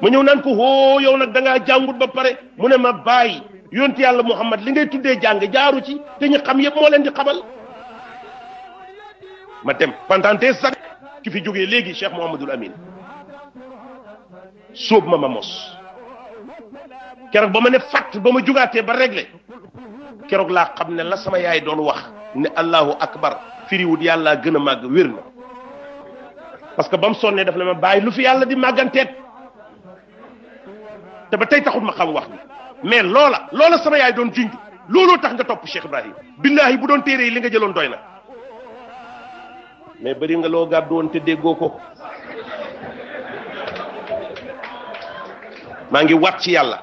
ma ñëw naan ko hoo yow nag da ngaa jàngut ba pare mu ne ma yoon yonti yàlla Muhammad li ngay tuddee jàng jaaru ci te ñu xam yëpp moo leen di xabal ma dem Pampantès sax ki fi jógee léegi Cheikh Mouhamadul Amin sóob ma ma mos keroog ba ma ne fàtt ba ma jugaatee ba réglé keroog laa xam ne la sama yaay doon wax ne Allahu akbar firiwut yàlla gën a màgg wér na parce que ba mu sonnee daf la ma bàyyi lu fi yàlla di màgganteet te ba tey taxut ma xam wax ni mais loola loola sama yaay doon junj looloo tax nga topp Cheikh Ibrahim billahi bu doon téere yi li nga jëloon doy na. mais bari nga loo gàddu woon te déggoo ko maa ngi wat ci yàlla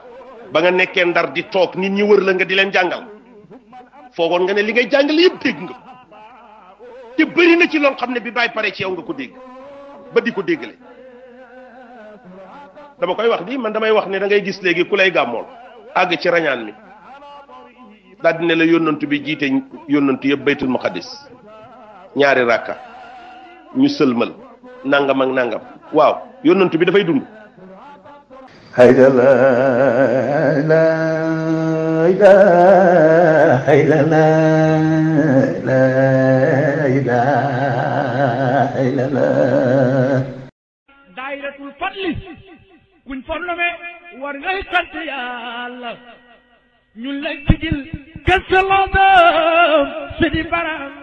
ba nga nekkee ndar di toog nit ñi wër la nga di leen jàngal foogoon nga ne li ngay jàngale yëpp dégg nga te bëri na ci loo xam ne bi baay pare ci yow nga ko dégg ba di ko déggale dama koy wax di man damay wax ne dangay gis léegi ku lay gàmmool àgg ci rañaan mi daal la yónnantu bi jiite yónnantu yëpp baytul muqaddis ñaari rakka ñu sëlmal nangam nangam waaw yonent bi dafay dund hayda la ilaha illallah daayiratul fadli kuñ fornome war ngay sant yàlla ñun lay digil gëstaloodam sidi baram